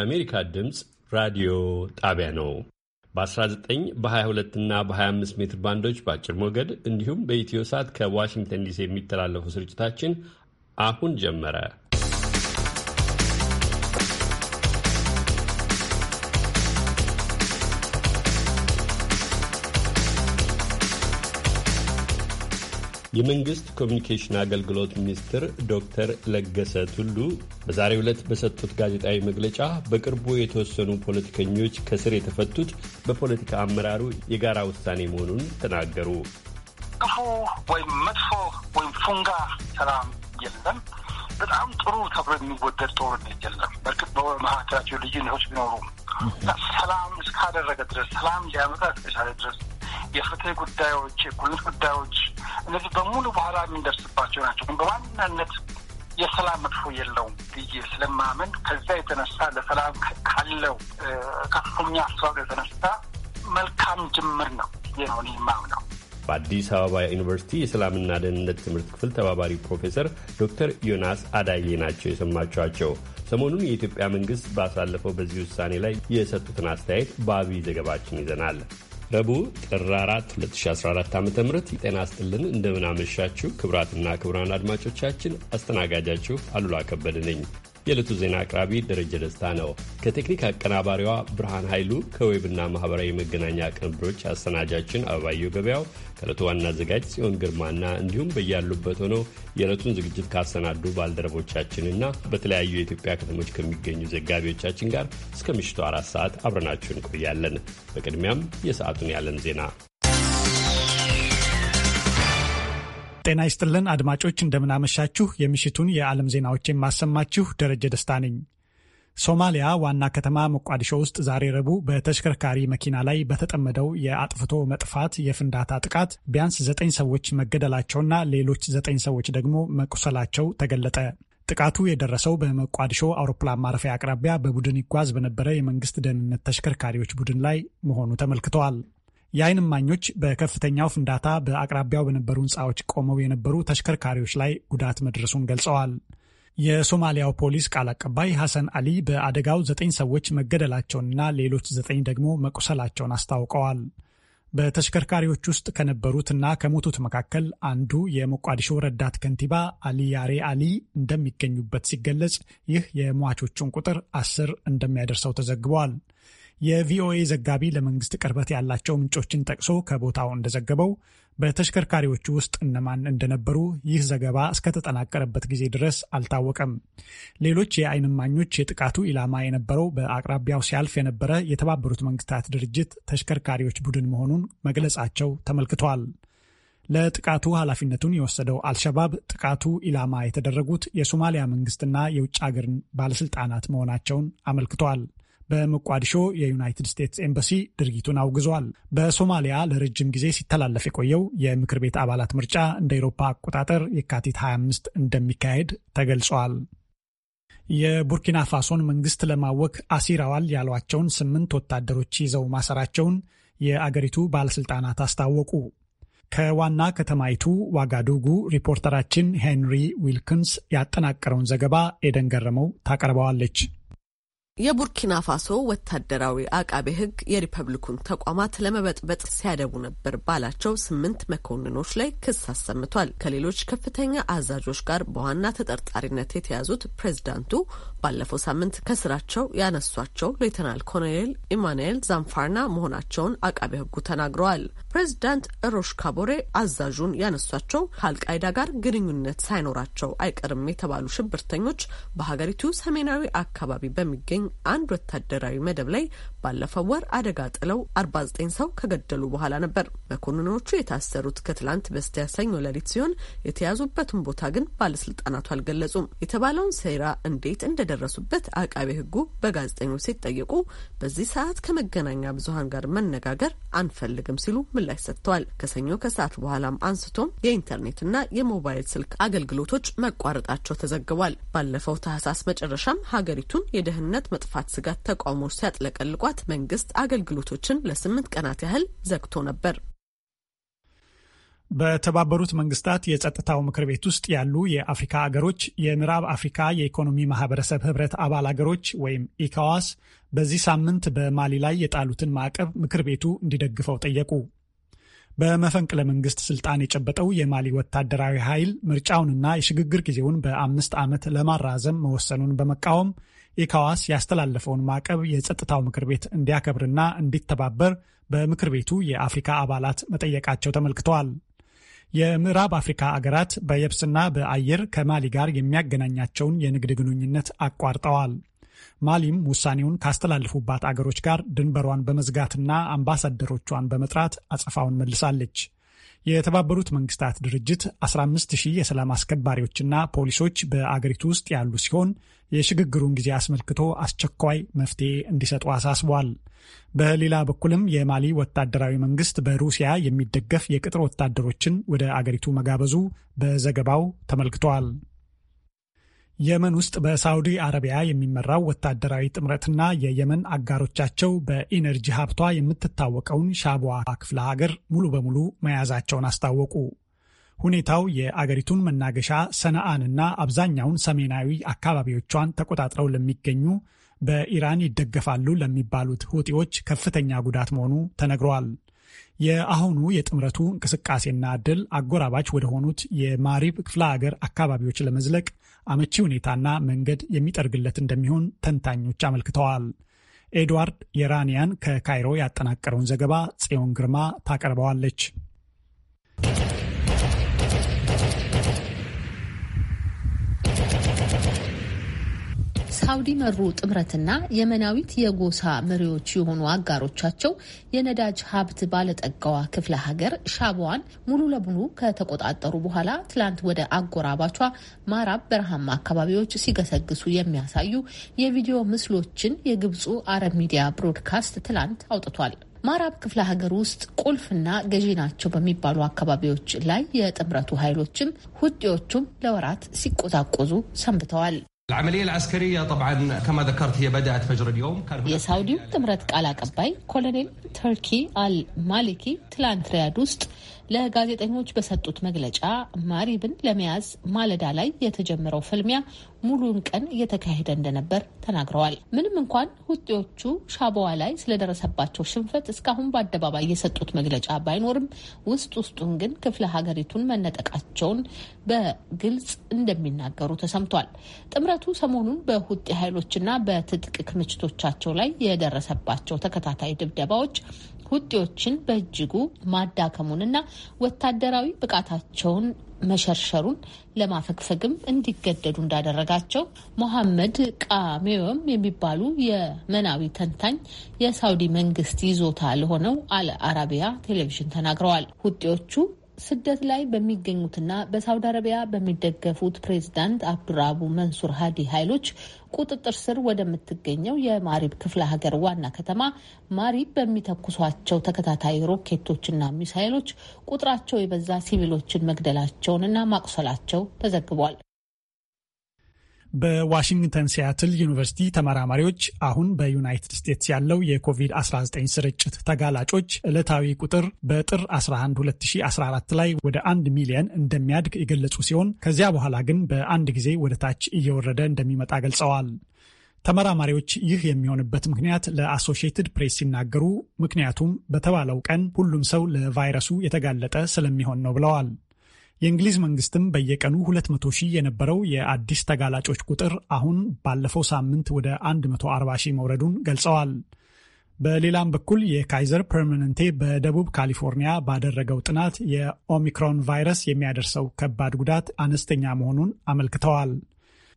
የአሜሪካ ድምፅ ራዲዮ ጣቢያ ነው። በ19 በ22 እና በ25 ሜትር ባንዶች በአጭር ሞገድ እንዲሁም በኢትዮ ሳት ከዋሽንግተን ዲሲ የሚተላለፉ ስርጭታችን አሁን ጀመረ። የመንግስት ኮሚኒኬሽን አገልግሎት ሚኒስትር ዶክተር ለገሰ ቱሉ በዛሬው ዕለት በሰጡት ጋዜጣዊ መግለጫ በቅርቡ የተወሰኑ ፖለቲከኞች ከስር የተፈቱት በፖለቲካ አመራሩ የጋራ ውሳኔ መሆኑን ተናገሩ። ክፉ ወይም መጥፎ ወይም ፉንጋ ሰላም የለም። በጣም ጥሩ ተብሎ የሚወደድ ጦርነት የለም። በእርግጥ በመካከላቸው ልዩነቶች ቢኖሩም ሰላም እስካደረገ ድረስ ሰላም ሊያመጣ እስከቻለ ድረስ የፍትህ ጉዳዮች፣ የእኩልነት ጉዳዮች እነዚህ በሙሉ በኋላ የሚደርስባቸው ናቸው። ግን በዋናነት የሰላም መጥፎ የለውም ብዬ ስለማመን ከዛ የተነሳ ለሰላም ካለው ከፍተኛ አስተዋጽኦ የተነሳ መልካም ጅምር ነው የሆነ የማምነው። በአዲስ አበባ ዩኒቨርሲቲ የሰላምና ደህንነት ትምህርት ክፍል ተባባሪ ፕሮፌሰር ዶክተር ዮናስ አዳዬ ናቸው የሰማችኋቸው። ሰሞኑን የኢትዮጵያ መንግስት ባሳለፈው በዚህ ውሳኔ ላይ የሰጡትን አስተያየት በአብይ ዘገባችን ይዘናል። ረቡዕ ጥር 4 2014 ዓ ም ጤና ስጥልን እንደምናመሻችሁ ክቡራትና ክቡራን አድማጮቻችን አስተናጋጃችሁ አሉላ ከበደ ነኝ። የዕለቱ ዜና አቅራቢ ደረጀ ደስታ ነው። ከቴክኒክ አቀናባሪዋ ብርሃን ኃይሉ፣ ከዌብና ማኅበራዊ መገናኛ ቅንብሮች አሰናጃችን አበባየው ገበያው፣ ከዕለቱ ዋና አዘጋጅ ጽዮን ግርማና እንዲሁም በያሉበት ሆነው የዕለቱን ዝግጅት ካሰናዱ ባልደረቦቻችንና በተለያዩ የኢትዮጵያ ከተሞች ከሚገኙ ዘጋቢዎቻችን ጋር እስከ ምሽቱ አራት ሰዓት አብረናችሁ እንቆያለን። በቅድሚያም የሰዓቱን የዓለም ዜና ጤና ይስጥልን አድማጮች፣ እንደምናመሻችሁ። የምሽቱን የዓለም ዜናዎች የማሰማችሁ ደረጀ ደስታ ነኝ። ሶማሊያ ዋና ከተማ ሞቃዲሾ ውስጥ ዛሬ ረቡዕ በተሽከርካሪ መኪና ላይ በተጠመደው የአጥፍቶ መጥፋት የፍንዳታ ጥቃት ቢያንስ ዘጠኝ ሰዎች መገደላቸውና ሌሎች ዘጠኝ ሰዎች ደግሞ መቁሰላቸው ተገለጠ። ጥቃቱ የደረሰው በሞቃዲሾ አውሮፕላን ማረፊያ አቅራቢያ በቡድን ይጓዝ በነበረ የመንግስት ደህንነት ተሽከርካሪዎች ቡድን ላይ መሆኑ ተመልክተዋል። የዓይን እማኞች በከፍተኛው ፍንዳታ በአቅራቢያው በነበሩ ሕንፃዎች ቆመው የነበሩ ተሽከርካሪዎች ላይ ጉዳት መድረሱን ገልጸዋል። የሶማሊያው ፖሊስ ቃል አቀባይ ሐሰን አሊ በአደጋው ዘጠኝ ሰዎች መገደላቸውንና ሌሎች ዘጠኝ ደግሞ መቁሰላቸውን አስታውቀዋል። በተሽከርካሪዎች ውስጥ ከነበሩትና ከሞቱት መካከል አንዱ የሞቃዲሾ ረዳት ከንቲባ አሊ ያሬ አሊ እንደሚገኙበት ሲገለጽ፣ ይህ የሟቾቹን ቁጥር አስር እንደሚያደርሰው ተዘግቧል። የቪኦኤ ዘጋቢ ለመንግስት ቅርበት ያላቸው ምንጮችን ጠቅሶ ከቦታው እንደዘገበው በተሽከርካሪዎቹ ውስጥ እነማን እንደነበሩ ይህ ዘገባ እስከተጠናቀረበት ጊዜ ድረስ አልታወቀም። ሌሎች የዓይን እማኞች የጥቃቱ ኢላማ የነበረው በአቅራቢያው ሲያልፍ የነበረ የተባበሩት መንግስታት ድርጅት ተሽከርካሪዎች ቡድን መሆኑን መግለጻቸው ተመልክቷል። ለጥቃቱ ኃላፊነቱን የወሰደው አልሸባብ ጥቃቱ ኢላማ የተደረጉት የሶማሊያ መንግስትና የውጭ አገርን ባለስልጣናት መሆናቸውን አመልክቷል። በሞቃዲሾ የዩናይትድ ስቴትስ ኤምባሲ ድርጊቱን አውግዟል። በሶማሊያ ለረጅም ጊዜ ሲተላለፍ የቆየው የምክር ቤት አባላት ምርጫ እንደ ኤሮፓ አቆጣጠር የካቲት 25 እንደሚካሄድ ተገልጿል። የቡርኪና ፋሶን መንግስት ለማወክ አሲረዋል ያሏቸውን ስምንት ወታደሮች ይዘው ማሰራቸውን የአገሪቱ ባለሥልጣናት አስታወቁ። ከዋና ከተማይቱ ዋጋዱጉ ሪፖርተራችን ሄንሪ ዊልኪንስ ያጠናቀረውን ዘገባ ኤደን ገረመው ታቀርበዋለች። የቡርኪና ፋሶ ወታደራዊ አቃቤ ሕግ የሪፐብሊኩን ተቋማት ለመበጥበጥ ሲያደቡ ነበር ባላቸው ስምንት መኮንኖች ላይ ክስ አሰምቷል። ከሌሎች ከፍተኛ አዛዦች ጋር በዋና ተጠርጣሪነት የተያዙት ፕሬዝዳንቱ ባለፈው ሳምንት ከስራቸው ያነሷቸው ሌተናል ኮሎኔል ኢማኑኤል ዛንፋርና መሆናቸውን አቃቤ ሕጉ ተናግረዋል። ፕሬዚዳንት ሮሽ ካቦሬ አዛዡን ያነሷቸው ከአልቃይዳ ጋር ግንኙነት ሳይኖራቸው አይቀርም የተባሉ ሽብርተኞች በሀገሪቱ ሰሜናዊ አካባቢ በሚገኝ አንድ ወታደራዊ መደብ ላይ ባለፈው ወር አደጋ ጥለው 49 ሰው ከገደሉ በኋላ ነበር። መኮንኖቹ የታሰሩት ከትላንት በስቲያ ሰኞ ሌሊት ሲሆን የተያዙበትን ቦታ ግን ባለስልጣናቱ አልገለጹም። የተባለውን ሴራ እንዴት እንደደረሱበት አቃቤ ሕጉ በጋዜጠኞች ሲጠየቁ በዚህ ሰዓት ከመገናኛ ብዙሀን ጋር መነጋገር አንፈልግም ሲሉ ምላሽ ሰጥተዋል። ከሰኞ ከሰዓት በኋላም አንስቶም የኢንተርኔትና የሞባይል ስልክ አገልግሎቶች መቋረጣቸው ተዘግቧል። ባለፈው ታህሳስ መጨረሻም ሀገሪቱን የደህንነት መጥፋት ስጋት ተቃውሞዎች ሲያጥለቀልቋት መንግስት አገልግሎቶችን ለስምንት ቀናት ያህል ዘግቶ ነበር። በተባበሩት መንግስታት የጸጥታው ምክር ቤት ውስጥ ያሉ የአፍሪካ አገሮች የምዕራብ አፍሪካ የኢኮኖሚ ማህበረሰብ ህብረት አባል አገሮች ወይም ኢካዋስ በዚህ ሳምንት በማሊ ላይ የጣሉትን ማዕቀብ ምክር ቤቱ እንዲደግፈው ጠየቁ። በመፈንቅለ መንግስት ስልጣን የጨበጠው የማሊ ወታደራዊ ኃይል ምርጫውንና የሽግግር ጊዜውን በአምስት ዓመት ለማራዘም መወሰኑን በመቃወም ኢካዋስ ያስተላለፈውን ማዕቀብ የጸጥታው ምክር ቤት እንዲያከብርና እንዲተባበር በምክር ቤቱ የአፍሪካ አባላት መጠየቃቸው ተመልክተዋል። የምዕራብ አፍሪካ አገራት በየብስና በአየር ከማሊ ጋር የሚያገናኛቸውን የንግድ ግንኙነት አቋርጠዋል። ማሊም ውሳኔውን ካስተላልፉባት አገሮች ጋር ድንበሯን በመዝጋትና አምባሳደሮቿን በመጥራት አጸፋውን መልሳለች። የተባበሩት መንግስታት ድርጅት 15 ሺህ የሰላም አስከባሪዎችና ፖሊሶች በአገሪቱ ውስጥ ያሉ ሲሆን የሽግግሩን ጊዜ አስመልክቶ አስቸኳይ መፍትሄ እንዲሰጡ አሳስቧል። በሌላ በኩልም የማሊ ወታደራዊ መንግስት በሩሲያ የሚደገፍ የቅጥር ወታደሮችን ወደ አገሪቱ መጋበዙ በዘገባው ተመልክቷል። የመን ውስጥ በሳዑዲ አረቢያ የሚመራው ወታደራዊ ጥምረትና የየመን አጋሮቻቸው በኢነርጂ ሀብቷ የምትታወቀውን ሻቧ ክፍለ ሀገር ሙሉ በሙሉ መያዛቸውን አስታወቁ። ሁኔታው የአገሪቱን መናገሻ ሰነአንና አብዛኛውን ሰሜናዊ አካባቢዎቿን ተቆጣጥረው ለሚገኙ በኢራን ይደገፋሉ ለሚባሉት ሁጢዎች ከፍተኛ ጉዳት መሆኑ ተነግሯል። የአሁኑ የጥምረቱ እንቅስቃሴና ድል አጎራባች ወደሆኑት የማሪብ ክፍለ ሀገር አካባቢዎች ለመዝለቅ አመቺ ሁኔታና መንገድ የሚጠርግለት እንደሚሆን ተንታኞች አመልክተዋል። ኤድዋርድ የራኒያን ከካይሮ ያጠናቀረውን ዘገባ ጽዮን ግርማ ታቀርበዋለች። ሳውዲ መሩ ጥምረትና የመናዊት የጎሳ መሪዎች የሆኑ አጋሮቻቸው የነዳጅ ሀብት ባለጠጋዋ ክፍለ ሀገር ሻቧዋን ሙሉ ለሙሉ ከተቆጣጠሩ በኋላ ትላንት ወደ አጎራባቿ ማራብ በረሃማ አካባቢዎች ሲገሰግሱ የሚያሳዩ የቪዲዮ ምስሎችን የግብፁ አረብ ሚዲያ ብሮድካስት ትላንት አውጥቷል። ማራብ ክፍለ ሀገር ውስጥ ቁልፍና ገዢ ናቸው በሚባሉ አካባቢዎች ላይ የጥምረቱ ኃይሎችም ሁጤዎቹም ለወራት ሲቆዛቆዙ ሰንብተዋል። የሳውዲው ጥምረት ቃል አቀባይ ኮሎኔል ተርኪ አል ማሊኪ ትላንት ሪያድ ውስጥ ለጋዜጠኞች በሰጡት መግለጫ ማሪብን ለመያዝ ማለዳ ላይ የተጀመረው ፍልሚያ ሙሉውን ቀን እየተካሄደ እንደነበር ተናግረዋል። ምንም እንኳን ሁጤዎቹ ሻበዋ ላይ ስለደረሰባቸው ሽንፈት እስካሁን በአደባባይ የሰጡት መግለጫ ባይኖርም ውስጥ ውስጡን ግን ክፍለ ሀገሪቱን መነጠቃቸውን በግልጽ እንደሚናገሩ ተሰምቷል። ጥምረቱ ሰሞኑን በሁጤ ኃይሎችና በትጥቅ ክምችቶቻቸው ላይ የደረሰባቸው ተከታታይ ድብደባዎች ሁጤዎችን በእጅጉ ማዳከሙንና ወታደራዊ ብቃታቸውን መሸርሸሩን ለማፈግፈግም እንዲገደዱ እንዳደረጋቸው ሞሐመድ ቃሜዮም የሚባሉ የመናዊ ተንታኝ የሳውዲ መንግስት ይዞታ ለሆነው አል ቴሌቪዥን ተናግረዋል። ሁጤዎቹ ስደት ላይ በሚገኙትና በሳውዲ አረቢያ በሚደገፉት ፕሬዚዳንት አብዱራቡ መንሱር ሀዲ ኃይሎች ቁጥጥር ስር ወደምትገኘው የማሪብ ክፍለ ሀገር ዋና ከተማ ማሪብ በሚተኩሷቸው ተከታታይ ሮኬቶችና ሚሳይሎች ቁጥራቸው የበዛ ሲቪሎችን መግደላቸውንና ማቁሰላቸው ተዘግቧል። በዋሽንግተን ሲያትል ዩኒቨርሲቲ ተመራማሪዎች አሁን በዩናይትድ ስቴትስ ያለው የኮቪድ-19 ስርጭት ተጋላጮች ዕለታዊ ቁጥር በጥር 11 2014 ላይ ወደ 1 ሚሊየን እንደሚያድግ የገለጹ ሲሆን ከዚያ በኋላ ግን በአንድ ጊዜ ወደ ታች እየወረደ እንደሚመጣ ገልጸዋል። ተመራማሪዎች ይህ የሚሆንበት ምክንያት ለአሶሺየትድ ፕሬስ ሲናገሩ ምክንያቱም በተባለው ቀን ሁሉም ሰው ለቫይረሱ የተጋለጠ ስለሚሆን ነው ብለዋል። የእንግሊዝ መንግስትም በየቀኑ 200 ሺህ የነበረው የአዲስ ተጋላጮች ቁጥር አሁን ባለፈው ሳምንት ወደ 140 ሺህ መውረዱን ገልጸዋል። በሌላም በኩል የካይዘር ፐርማነንቴ በደቡብ ካሊፎርኒያ ባደረገው ጥናት የኦሚክሮን ቫይረስ የሚያደርሰው ከባድ ጉዳት አነስተኛ መሆኑን አመልክተዋል።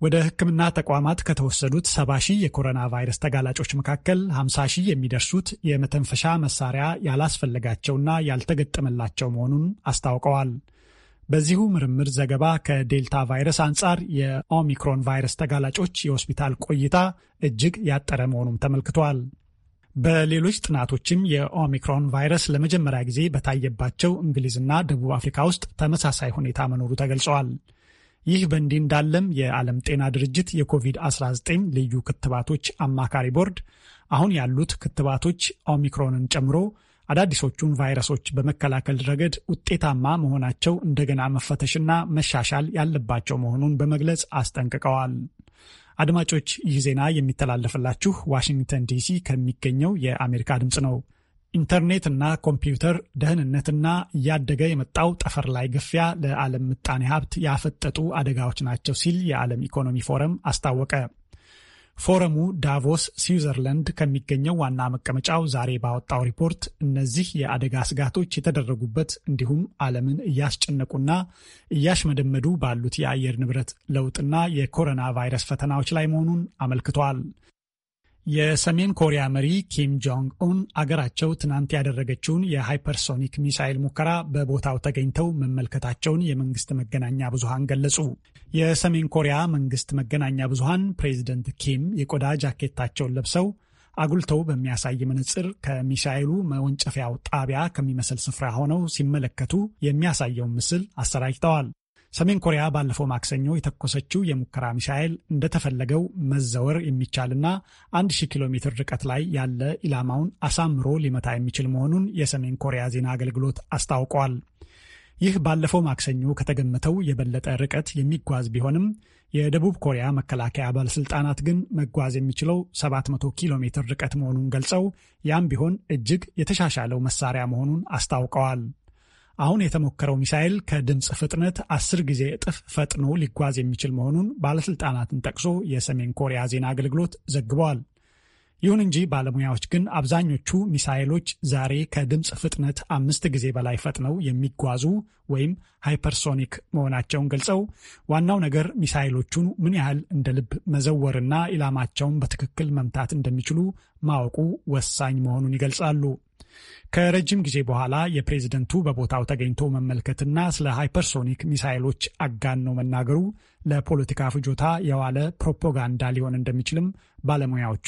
ወደ ሕክምና ተቋማት ከተወሰዱት 70 ሺህ የኮሮና ቫይረስ ተጋላጮች መካከል 50 ሺህ የሚደርሱት የመተንፈሻ መሳሪያ ያላስፈለጋቸውና ያልተገጠመላቸው መሆኑን አስታውቀዋል። በዚሁ ምርምር ዘገባ ከዴልታ ቫይረስ አንጻር የኦሚክሮን ቫይረስ ተጋላጮች የሆስፒታል ቆይታ እጅግ ያጠረ መሆኑም ተመልክቷል። በሌሎች ጥናቶችም የኦሚክሮን ቫይረስ ለመጀመሪያ ጊዜ በታየባቸው እንግሊዝና ደቡብ አፍሪካ ውስጥ ተመሳሳይ ሁኔታ መኖሩ ተገልጸዋል። ይህ በእንዲህ እንዳለም የዓለም ጤና ድርጅት የኮቪድ-19 ልዩ ክትባቶች አማካሪ ቦርድ አሁን ያሉት ክትባቶች ኦሚክሮንን ጨምሮ አዳዲሶቹን ቫይረሶች በመከላከል ረገድ ውጤታማ መሆናቸው እንደገና መፈተሽና መሻሻል ያለባቸው መሆኑን በመግለጽ አስጠንቅቀዋል። አድማጮች፣ ይህ ዜና የሚተላለፍላችሁ ዋሽንግተን ዲሲ ከሚገኘው የአሜሪካ ድምፅ ነው። ኢንተርኔትና ኮምፒውተር ደህንነትና እያደገ የመጣው ጠፈር ላይ ግፊያ ለዓለም ምጣኔ ሀብት ያፈጠጡ አደጋዎች ናቸው ሲል የዓለም ኢኮኖሚ ፎረም አስታወቀ። ፎረሙ ዳቮስ ስዊዘርላንድ ከሚገኘው ዋና መቀመጫው ዛሬ ባወጣው ሪፖርት እነዚህ የአደጋ ስጋቶች የተደረጉበት እንዲሁም ዓለምን እያስጨነቁና እያሽመደመዱ ባሉት የአየር ንብረት ለውጥና የኮሮና ቫይረስ ፈተናዎች ላይ መሆኑን አመልክቷል። የሰሜን ኮሪያ መሪ ኪም ጆንግ ኡን አገራቸው ትናንት ያደረገችውን የሃይፐርሶኒክ ሚሳይል ሙከራ በቦታው ተገኝተው መመልከታቸውን የመንግስት መገናኛ ብዙሃን ገለጹ። የሰሜን ኮሪያ መንግስት መገናኛ ብዙሃን ፕሬዚደንት ኪም የቆዳ ጃኬታቸውን ለብሰው አጉልተው በሚያሳይ መነጽር ከሚሳኤሉ መወንጨፊያው ጣቢያ ከሚመስል ስፍራ ሆነው ሲመለከቱ የሚያሳየውን ምስል አሰራጭተዋል። ሰሜን ኮሪያ ባለፈው ማክሰኞ የተኮሰችው የሙከራ ሚሳኤል እንደተፈለገው መዘወር የሚቻልና አንድ ሺህ ኪሎ ሜትር ርቀት ላይ ያለ ኢላማውን አሳምሮ ሊመታ የሚችል መሆኑን የሰሜን ኮሪያ ዜና አገልግሎት አስታውቋል። ይህ ባለፈው ማክሰኞ ከተገመተው የበለጠ ርቀት የሚጓዝ ቢሆንም የደቡብ ኮሪያ መከላከያ ባለስልጣናት ግን መጓዝ የሚችለው 700 ኪሎ ሜትር ርቀት መሆኑን ገልጸው ያም ቢሆን እጅግ የተሻሻለው መሳሪያ መሆኑን አስታውቀዋል። አሁን የተሞከረው ሚሳኤል ከድምፅ ፍጥነት አስር ጊዜ እጥፍ ፈጥኖ ሊጓዝ የሚችል መሆኑን ባለስልጣናትን ጠቅሶ የሰሜን ኮሪያ ዜና አገልግሎት ዘግቧል። ይሁን እንጂ ባለሙያዎች ግን አብዛኞቹ ሚሳይሎች ዛሬ ከድምፅ ፍጥነት አምስት ጊዜ በላይ ፈጥነው የሚጓዙ ወይም ሃይፐርሶኒክ መሆናቸውን ገልጸው ዋናው ነገር ሚሳይሎቹን ምን ያህል እንደ ልብ መዘወርና ኢላማቸውን በትክክል መምታት እንደሚችሉ ማወቁ ወሳኝ መሆኑን ይገልጻሉ። ከረጅም ጊዜ በኋላ የፕሬዝደንቱ በቦታው ተገኝቶ መመልከትና ስለ ሃይፐርሶኒክ ሚሳይሎች አጋኖ መናገሩ ለፖለቲካ ፍጆታ የዋለ ፕሮፓጋንዳ ሊሆን እንደሚችልም ባለሙያዎቹ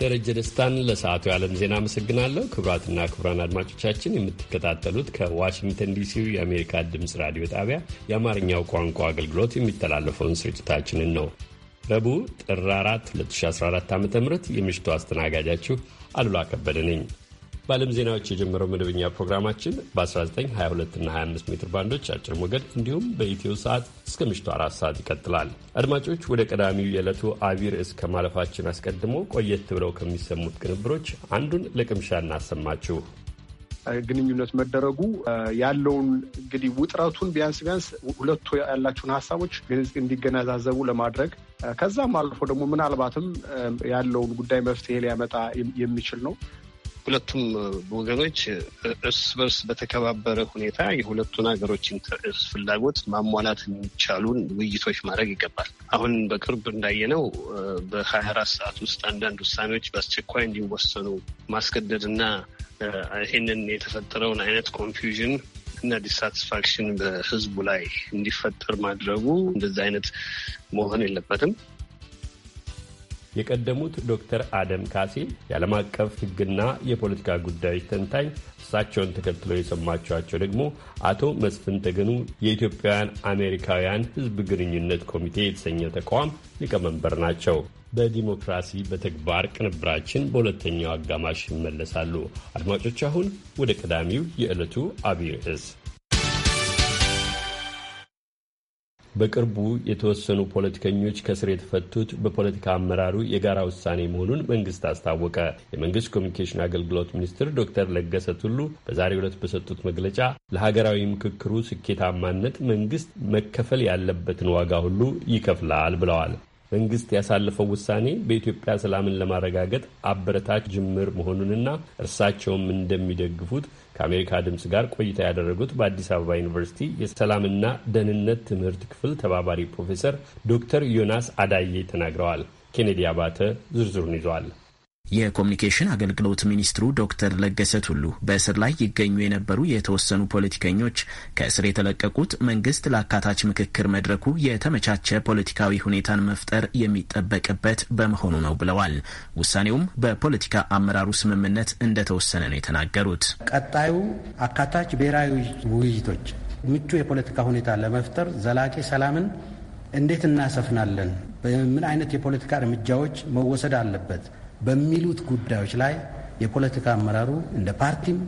ደረጀ ደስታን ለሰዓቱ የዓለም ዜና አመሰግናለሁ። ክቡራትና ክቡራን አድማጮቻችን የምትከታተሉት ከዋሽንግተን ዲሲው የአሜሪካ ድምፅ ራዲዮ ጣቢያ የአማርኛው ቋንቋ አገልግሎት የሚተላለፈውን ስርጭታችንን ነው። ረቡዕ ጥር 4 2014 ዓ ም የምሽቱ አስተናጋጃችሁ አሉላ ከበደ ነኝ። በዓለም ዜናዎች የጀመረው መደበኛ ፕሮግራማችን በ1922 እና 25 ሜትር ባንዶች አጭር ሞገድ እንዲሁም በኢትዮ ሰዓት እስከ ምሽቱ አራት ሰዓት ይቀጥላል። አድማጮች ወደ ቀዳሚው የዕለቱ አቢይ ርዕስ ከማለፋችን አስቀድሞ ቆየት ብለው ከሚሰሙት ቅንብሮች አንዱን ለቅምሻ እናሰማችሁ። ግንኙነት መደረጉ ያለውን እንግዲህ ውጥረቱን ቢያንስ ቢያንስ ሁለቱ ያላቸውን ሀሳቦች ግልጽ እንዲገነዛዘቡ ለማድረግ ከዛም አልፎ ደግሞ ምናልባትም ያለውን ጉዳይ መፍትሄ ሊያመጣ የሚችል ነው። ሁለቱም ወገኖች እርስ በርስ በተከባበረ ሁኔታ የሁለቱን ሀገሮችን ፍላጎት ማሟላት የሚቻሉን ውይይቶች ማድረግ ይገባል። አሁን በቅርብ እንዳየነው በሀያ አራት ሰዓት ውስጥ አንዳንድ ውሳኔዎች በአስቸኳይ እንዲወሰኑ ማስገደድ እና ይህንን የተፈጠረውን አይነት ኮንፊውዥን እና ዲሳትስፋክሽን በህዝቡ ላይ እንዲፈጠር ማድረጉ እንደዚህ አይነት መሆን የለበትም። የቀደሙት ዶክተር አደም ካሴ የዓለም አቀፍ ሕግና የፖለቲካ ጉዳዮች ተንታኝ፣ እሳቸውን ተከትሎ የሰማችኋቸው ደግሞ አቶ መስፍን ተገኑ የኢትዮጵያውያን አሜሪካውያን ሕዝብ ግንኙነት ኮሚቴ የተሰኘ ተቋም ሊቀመንበር ናቸው። በዲሞክራሲ በተግባር ቅንብራችን በሁለተኛው አጋማሽ ይመለሳሉ። አድማጮች፣ አሁን ወደ ቀዳሚው የዕለቱ አብይ ርዕስ በቅርቡ የተወሰኑ ፖለቲከኞች ከስር የተፈቱት በፖለቲካ አመራሩ የጋራ ውሳኔ መሆኑን መንግስት አስታወቀ። የመንግስት ኮሚኒኬሽን አገልግሎት ሚኒስትር ዶክተር ለገሰ ቱሉ በዛሬው ዕለት በሰጡት መግለጫ ለሀገራዊ ምክክሩ ስኬታማነት መንግስት መከፈል ያለበትን ዋጋ ሁሉ ይከፍላል ብለዋል። መንግስት ያሳለፈው ውሳኔ በኢትዮጵያ ሰላምን ለማረጋገጥ አበረታች ጅምር መሆኑንና እርሳቸውም እንደሚደግፉት ከአሜሪካ ድምፅ ጋር ቆይታ ያደረጉት በአዲስ አበባ ዩኒቨርሲቲ የሰላምና ደህንነት ትምህርት ክፍል ተባባሪ ፕሮፌሰር ዶክተር ዮናስ አዳዬ ተናግረዋል። ኬኔዲ አባተ ዝርዝሩን ይዟል። የኮሚኒኬሽን አገልግሎት ሚኒስትሩ ዶክተር ለገሰ ቱሉ በእስር ላይ ይገኙ የነበሩ የተወሰኑ ፖለቲከኞች ከእስር የተለቀቁት መንግስት ለአካታች ምክክር መድረኩ የተመቻቸ ፖለቲካዊ ሁኔታን መፍጠር የሚጠበቅበት በመሆኑ ነው ብለዋል። ውሳኔውም በፖለቲካ አመራሩ ስምምነት እንደተወሰነ ነው የተናገሩት። ቀጣዩ አካታች ብሔራዊ ውይይቶች ምቹ የፖለቲካ ሁኔታ ለመፍጠር ዘላቂ ሰላምን እንዴት እናሰፍናለን? በምን አይነት የፖለቲካ እርምጃዎች መወሰድ አለበት? በሚሉት ጉዳዮች ላይ የፖለቲካ አመራሩ እንደ ፓርቲም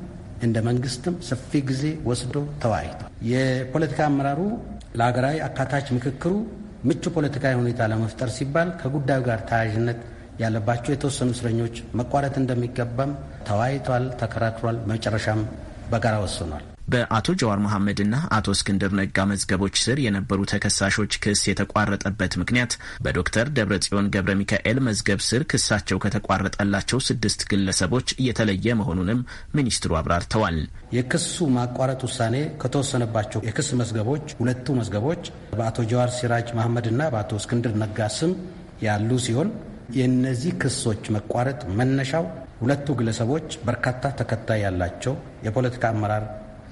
እንደ መንግስትም ሰፊ ጊዜ ወስዶ ተወያይቷል። የፖለቲካ አመራሩ ለሀገራዊ አካታች ምክክሩ ምቹ ፖለቲካዊ ሁኔታ ለመፍጠር ሲባል ከጉዳዩ ጋር ተያያዥነት ያለባቸው የተወሰኑ እስረኞች መቋረጥ እንደሚገባም ተወያይቷል፣ ተከራክሯል። መጨረሻም በጋራ ወስኗል። በአቶ ጀዋር መሐመድና አቶ እስክንድር ነጋ መዝገቦች ስር የነበሩ ተከሳሾች ክስ የተቋረጠበት ምክንያት በዶክተር ደብረጽዮን ገብረ ሚካኤል መዝገብ ስር ክሳቸው ከተቋረጠላቸው ስድስት ግለሰቦች እየተለየ መሆኑንም ሚኒስትሩ አብራርተዋል። የክሱ ማቋረጥ ውሳኔ ከተወሰነባቸው የክስ መዝገቦች ሁለቱ መዝገቦች በአቶ ጀዋር ሲራጅ መሐመድና በአቶ እስክንድር ነጋ ስም ያሉ ሲሆን የእነዚህ ክሶች መቋረጥ መነሻው ሁለቱ ግለሰቦች በርካታ ተከታይ ያላቸው የፖለቲካ አመራር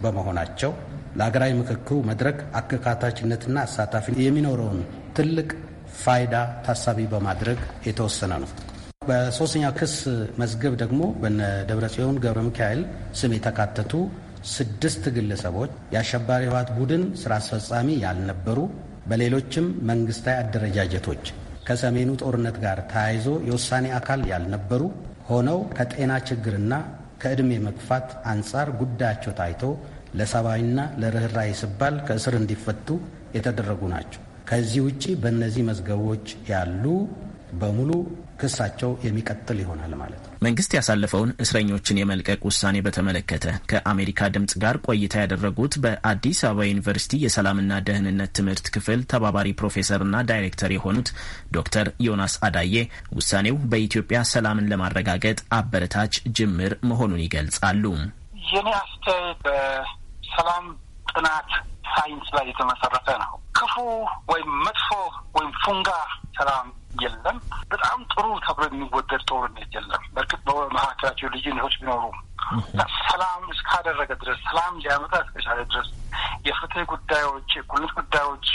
በመሆናቸው ለሀገራዊ ምክክሩ መድረክ አካታችነትና አሳታፊ የሚኖረውን ትልቅ ፋይዳ ታሳቢ በማድረግ የተወሰነ ነው። በሶስተኛው ክስ መዝገብ ደግሞ በነ ደብረጽዮን ገብረ ሚካኤል ስም የተካተቱ ስድስት ግለሰቦች የአሸባሪ ህወሓት ቡድን ስራ አስፈጻሚ ያልነበሩ በሌሎችም መንግስታዊ አደረጃጀቶች ከሰሜኑ ጦርነት ጋር ተያይዞ የውሳኔ አካል ያልነበሩ ሆነው ከጤና ችግርና ከዕድሜ መግፋት አንጻር ጉዳያቸው ታይቶ ለሰብአዊና ለርኅራይ ስባል ከእስር እንዲፈቱ የተደረጉ ናቸው። ከዚህ ውጪ በእነዚህ መዝገቦች ያሉ በሙሉ ክሳቸው የሚቀጥል ይሆናል ማለት ነው። መንግስት ያሳለፈውን እስረኞችን የመልቀቅ ውሳኔ በተመለከተ ከአሜሪካ ድምጽ ጋር ቆይታ ያደረጉት በአዲስ አበባ ዩኒቨርሲቲ የሰላምና ደህንነት ትምህርት ክፍል ተባባሪ ፕሮፌሰርና ዳይሬክተር የሆኑት ዶክተር ዮናስ አዳዬ ውሳኔው በኢትዮጵያ ሰላምን ለማረጋገጥ አበረታች ጅምር መሆኑን ይገልጻሉ። የኔ አስተያየት በሰላም ጥናት ሳይንስ ላይ የተመሰረተ ነው። ክፉ ወይም መጥፎ ወይም ፉንጋ ሰላም የለም። በጣም ጥሩ ተብሎ የሚወደድ ጦርነት የለም። በእርግጥ በመካከላቸው ልዩነቶች ቢኖሩም ሰላም እስካደረገ ድረስ ሰላም ሊያመጣ እስከቻለ ድረስ የፍትህ ጉዳዮች፣ የእኩልነት ጉዳዮች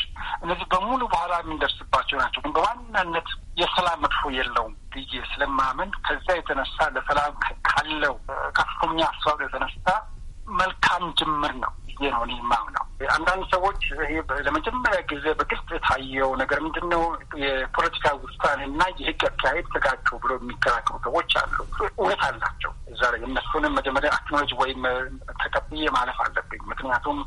እነዚህ በሙሉ በኋላ የምንደርስባቸው ናቸው። በዋናነት የሰላም መጥፎ የለውም ብዬ ስለማመን ከዚያ የተነሳ ለሰላም ካለው ከፍተኛ አስተዋጽኦ የተነሳ መልካም ጅምር ነው ብዬ ነው የማምነው። አንዳንድ ሰዎች ይሄ ለመጀመሪያ ጊዜ በግልጽ የታየው ነገር ምንድን ነው? የፖለቲካ ውሳኔና የህግ አካሄድ ተጋጩ ብሎ የሚከራከሩ ሰዎች አሉ። እውነት አላቸው እዛ ላይ። እነሱንም መጀመሪያ አክኖሎጂ ወይም ተቀብዬ ማለፍ አለብኝ። ምክንያቱም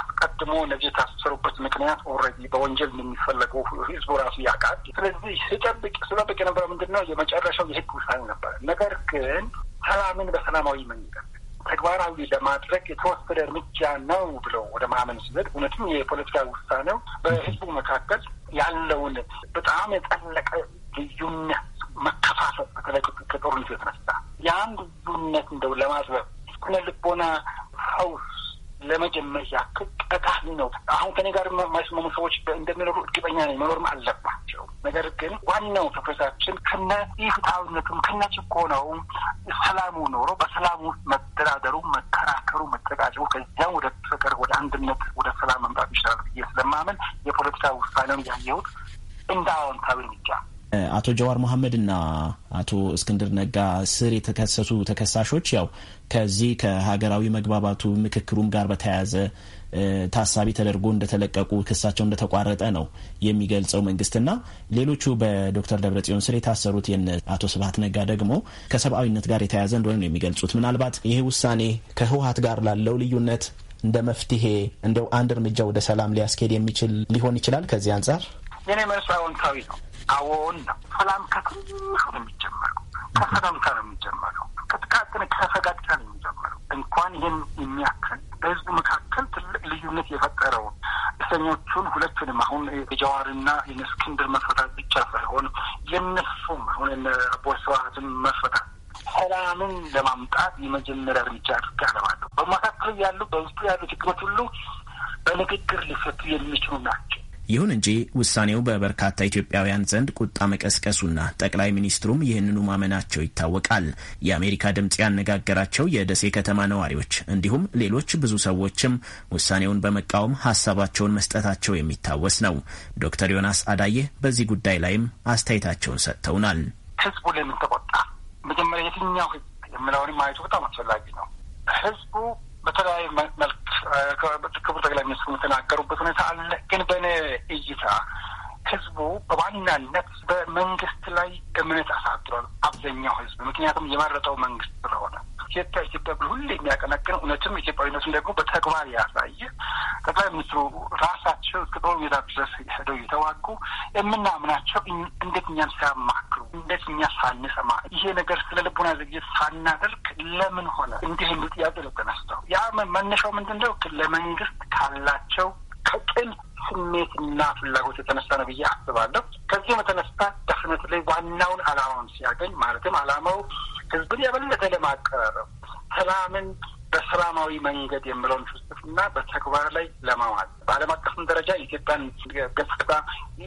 አስቀድሞ እነዚህ የታሰሩበት ምክንያት ኦልሬዲ በወንጀል የሚፈለገው ህዝቡ ራሱ ያውቃል። ስለዚህ ስጠብቅ ስጠብቅ የነበረው ምንድን ነው የመጨረሻው የህግ ውሳኔ ነበር። ነገር ግን ሰላምን በሰላማዊ መንገድ ተግባራዊ ለማድረግ የተወሰደ እርምጃ ነው ብለው ወደ ማመን ሲሄድ እውነትም የፖለቲካ ውሳኔው በህዝቡ መካከል ያለውን በጣም የጠለቀ ልዩነት መከፋፈል፣ በተለይ ከጦርነቱ የተነሳ ያን ልዩነት እንደው ለማጥበብ ስነ ልቦና ሀውስ ለመጀመር ያክል ጠቃሚ ነው። አሁን ከኔ ጋር የማይስማሙ ሰዎች እንደሚኖሩ እርግጠኛ ነኝ፣ መኖርም አለባቸው። ነገር ግን ዋናው ትኩረታችን ከነ ኢፍትሐዊነቱም ከነ ጭቆናውም ሰላሙ ኖሮ በሰላሙ መደራደሩ፣ መከራከሩ፣ መጨቃጨቁ ከዚያም ወደ ፍቅር፣ ወደ አንድነት፣ ወደ ሰላም መምጣት ይችላል ብዬ ስለማመን የፖለቲካ ውሳኔውን ያየሁት እንደ አዎንታዊ እርምጃ አቶ ጀዋር መሐመድ እና አቶ እስክንድር ነጋ ስር የተከሰሱ ተከሳሾች ያው ከዚህ ከሀገራዊ መግባባቱ ምክክሩም ጋር በተያያዘ ታሳቢ ተደርጎ እንደተለቀቁ ክሳቸው እንደተቋረጠ ነው የሚገልጸው መንግስትና ሌሎቹ በዶክተር ደብረጽዮን ስር የታሰሩት የነ አቶ ስብሀት ነጋ ደግሞ ከሰብአዊነት ጋር የተያያዘ እንደሆነ ነው የሚገልጹት። ምናልባት ይሄ ውሳኔ ከህወሀት ጋር ላለው ልዩነት እንደ መፍትሄ እንደው አንድ እርምጃ ወደ ሰላም ሊያስኬድ የሚችል ሊሆን ይችላል። ከዚህ አንጻር የኔ መልሱ አዎንታዊ ነው። አዎን ነው። ሰላም ከትንሽ ነው የሚጀመረው። ከሰላምታ ነው የሚጀመረው። ከጥቃቅን ከፈጋጥታ ነው የሚጀመረው። እንኳን ይህን የሚያክል በህዝቡ መካከል ትልቅ ልዩነት የፈጠረውን እስረኞቹን ሁለቱንም አሁን የጀዋርና የእስክንድር መፈታት ብቻ ሳይሆን የነሱም አሁን ቦስዋትን መፈታት ሰላምን ለማምጣት የመጀመሪያ እርምጃ አድርጋ ለማለሁ በመካከል ያሉ በውስጡ ያሉ ችግሮች ሁሉ በንግግር ሊፈቱ የሚችሉ ናቸው። ይሁን እንጂ ውሳኔው በበርካታ ኢትዮጵያውያን ዘንድ ቁጣ መቀስቀሱና ጠቅላይ ሚኒስትሩም ይህንኑ ማመናቸው ይታወቃል። የአሜሪካ ድምፅ ያነጋገራቸው የደሴ ከተማ ነዋሪዎች እንዲሁም ሌሎች ብዙ ሰዎችም ውሳኔውን በመቃወም ሀሳባቸውን መስጠታቸው የሚታወስ ነው። ዶክተር ዮናስ አዳዬ በዚህ ጉዳይ ላይም አስተያየታቸውን ሰጥተውናል። ህዝቡ ለምን ተቆጣ? መጀመሪያ የትኛው ህዝብ የምለውንም ማየቱ በጣም አስፈላጊ ነው። ህዝቡ በተለያዩ መልክ ክቡር ጠቅላይ ሚኒስትሩ የተናገሩበት ሁኔታ አለ። ግን በእኔ እይታ ህዝቡ በዋናነት በመንግስት ላይ እምነት አሳድሯል። አብዛኛው ህዝብ ምክንያቱም የመረጠው መንግስት ስለሆነ ኢትዮጵያ ኢትዮጵያ ብሎ ሁሌ የሚያቀነቅን እውነትም ኢትዮጵያዊነቱን ደግሞ በተግባር ያሳየ ጠቅላይ ሚኒስትሩ ራሳቸው እስከ ጦር ሜዳ ድረስ ሄደው እየተዋጉ የምናምናቸው እንዴት እኛን ሲያማክሩ እንዴት እኛ ሳንሰማ ይሄ ነገር ስለ ልቡና ዝግጅት ሳናደርግ ለምን ሆነ እንዲህ የሚሉ ጥያቄ ልብናል። ያ መነሻው ምንድን ነው? ለመንግስት ካላቸው ከቅል ስሜትና ፍላጎት የተነሳ ነው ብዬ አስባለሁ። ከዚህም የተነሳ ደፍነት ላይ ዋናውን አላማውን ሲያገኝ ማለትም አላማው ህዝብን የበለጠ ለማቀራረብ ሰላምን በሰላማዊ መንገድ የምለውን ፍልስፍና በተግባር ላይ ለማዋል በዓለም አቀፍም ደረጃ የኢትዮጵያን ገጽታ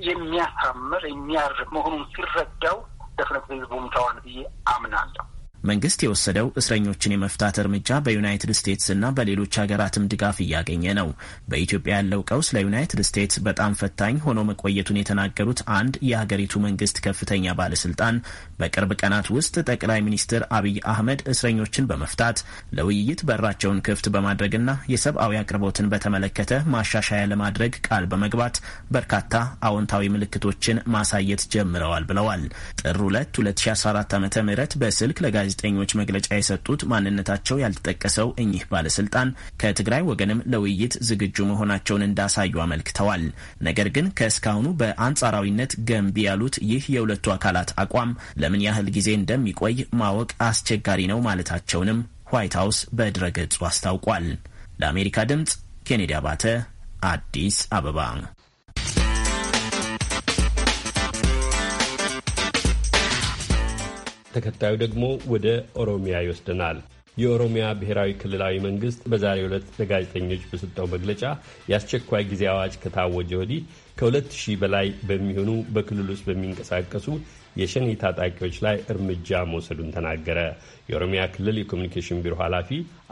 የሚያሳምር የሚያር መሆኑን ሲረዳው ደፍነት ላይ ተዋል ብዬ አምናለሁ። መንግስት የወሰደው እስረኞችን የመፍታት እርምጃ በዩናይትድ ስቴትስ እና በሌሎች ሀገራትም ድጋፍ እያገኘ ነው። በኢትዮጵያ ያለው ቀውስ ለዩናይትድ ስቴትስ በጣም ፈታኝ ሆኖ መቆየቱን የተናገሩት አንድ የሀገሪቱ መንግስት ከፍተኛ ባለስልጣን በቅርብ ቀናት ውስጥ ጠቅላይ ሚኒስትር አብይ አህመድ እስረኞችን በመፍታት ለውይይት በራቸውን ክፍት በማድረግና የሰብአዊ አቅርቦትን በተመለከተ ማሻሻያ ለማድረግ ቃል በመግባት በርካታ አዎንታዊ ምልክቶችን ማሳየት ጀምረዋል ብለዋል። ጥር 2 2014 ዓ ም በስልክ ለጋ ለጋዜጠኞች መግለጫ የሰጡት ማንነታቸው ያልተጠቀሰው እኚህ ባለስልጣን ከትግራይ ወገንም ለውይይት ዝግጁ መሆናቸውን እንዳሳዩ አመልክተዋል። ነገር ግን ከእስካሁኑ በአንጻራዊነት ገንቢ ያሉት ይህ የሁለቱ አካላት አቋም ለምን ያህል ጊዜ እንደሚቆይ ማወቅ አስቸጋሪ ነው ማለታቸውንም ዋይት ሀውስ በድረገጹ አስታውቋል። ለአሜሪካ ድምጽ ኬኔዲ አባተ አዲስ አበባ ተከታዩ ደግሞ ወደ ኦሮሚያ ይወስደናል። የኦሮሚያ ብሔራዊ ክልላዊ መንግስት በዛሬ ዕለት ለጋዜጠኞች በሰጠው መግለጫ የአስቸኳይ ጊዜ አዋጅ ከታወጀ ወዲህ ከሁለት ሺህ በላይ በሚሆኑ በክልል ውስጥ በሚንቀሳቀሱ የሸኔ ታጣቂዎች ላይ እርምጃ መውሰዱን ተናገረ። የኦሮሚያ ክልል የኮሚኒኬሽን ቢሮ ኃላፊ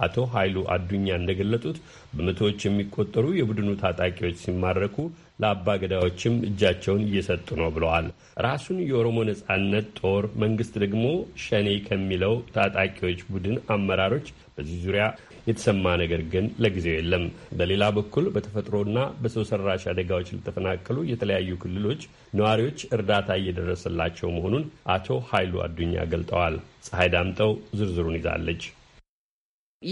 አቶ ኃይሉ አዱኛ እንደገለጡት በመቶዎች የሚቆጠሩ የቡድኑ ታጣቂዎች ሲማረኩ ለአባ ገዳዎችም እጃቸውን እየሰጡ ነው ብለዋል። ራሱን የኦሮሞ ነጻነት ጦር መንግስት ደግሞ ሸኔ ከሚለው ታጣቂዎች ቡድን አመራሮች በዚህ ዙሪያ የተሰማ ነገር ግን ለጊዜው የለም። በሌላ በኩል በተፈጥሮና በሰው ሰራሽ አደጋዎች ለተፈናቀሉ የተለያዩ ክልሎች ነዋሪዎች እርዳታ እየደረሰላቸው መሆኑን አቶ ኃይሉ አዱኛ ገልጠዋል። ፀሐይ ዳምጠው ዝርዝሩን ይዛለች።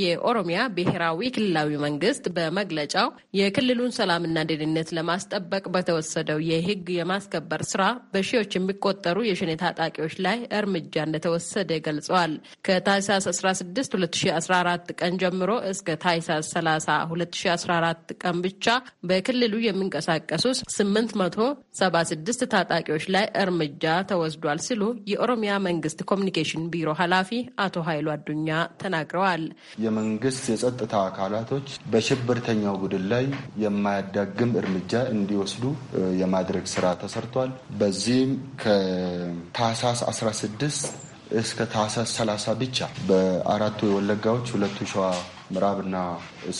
የኦሮሚያ ብሔራዊ ክልላዊ መንግስት በመግለጫው የክልሉን ሰላምና ደህንነት ለማስጠበቅ በተወሰደው የህግ የማስከበር ስራ በሺዎች የሚቆጠሩ የሸኔ ታጣቂዎች ላይ እርምጃ እንደተወሰደ ገልጸዋል። ከታህሳስ 16 2014 ቀን ጀምሮ እስከ ታህሳስ 30 2014 ቀን ብቻ በክልሉ የሚንቀሳቀሱ 876 ታጣቂዎች ላይ እርምጃ ተወስዷል ሲሉ የኦሮሚያ መንግስት ኮሚኒኬሽን ቢሮ ኃላፊ አቶ ኃይሉ አዱኛ ተናግረዋል። የመንግስት የጸጥታ አካላቶች በሽብርተኛው ቡድን ላይ የማያዳግም እርምጃ እንዲወስዱ የማድረግ ስራ ተሰርቷል። በዚህም ከታህሳስ 16 እስከ ታህሳስ 30 ብቻ በአራቱ የወለጋዎች ሁለቱ ሸዋ ምዕራብና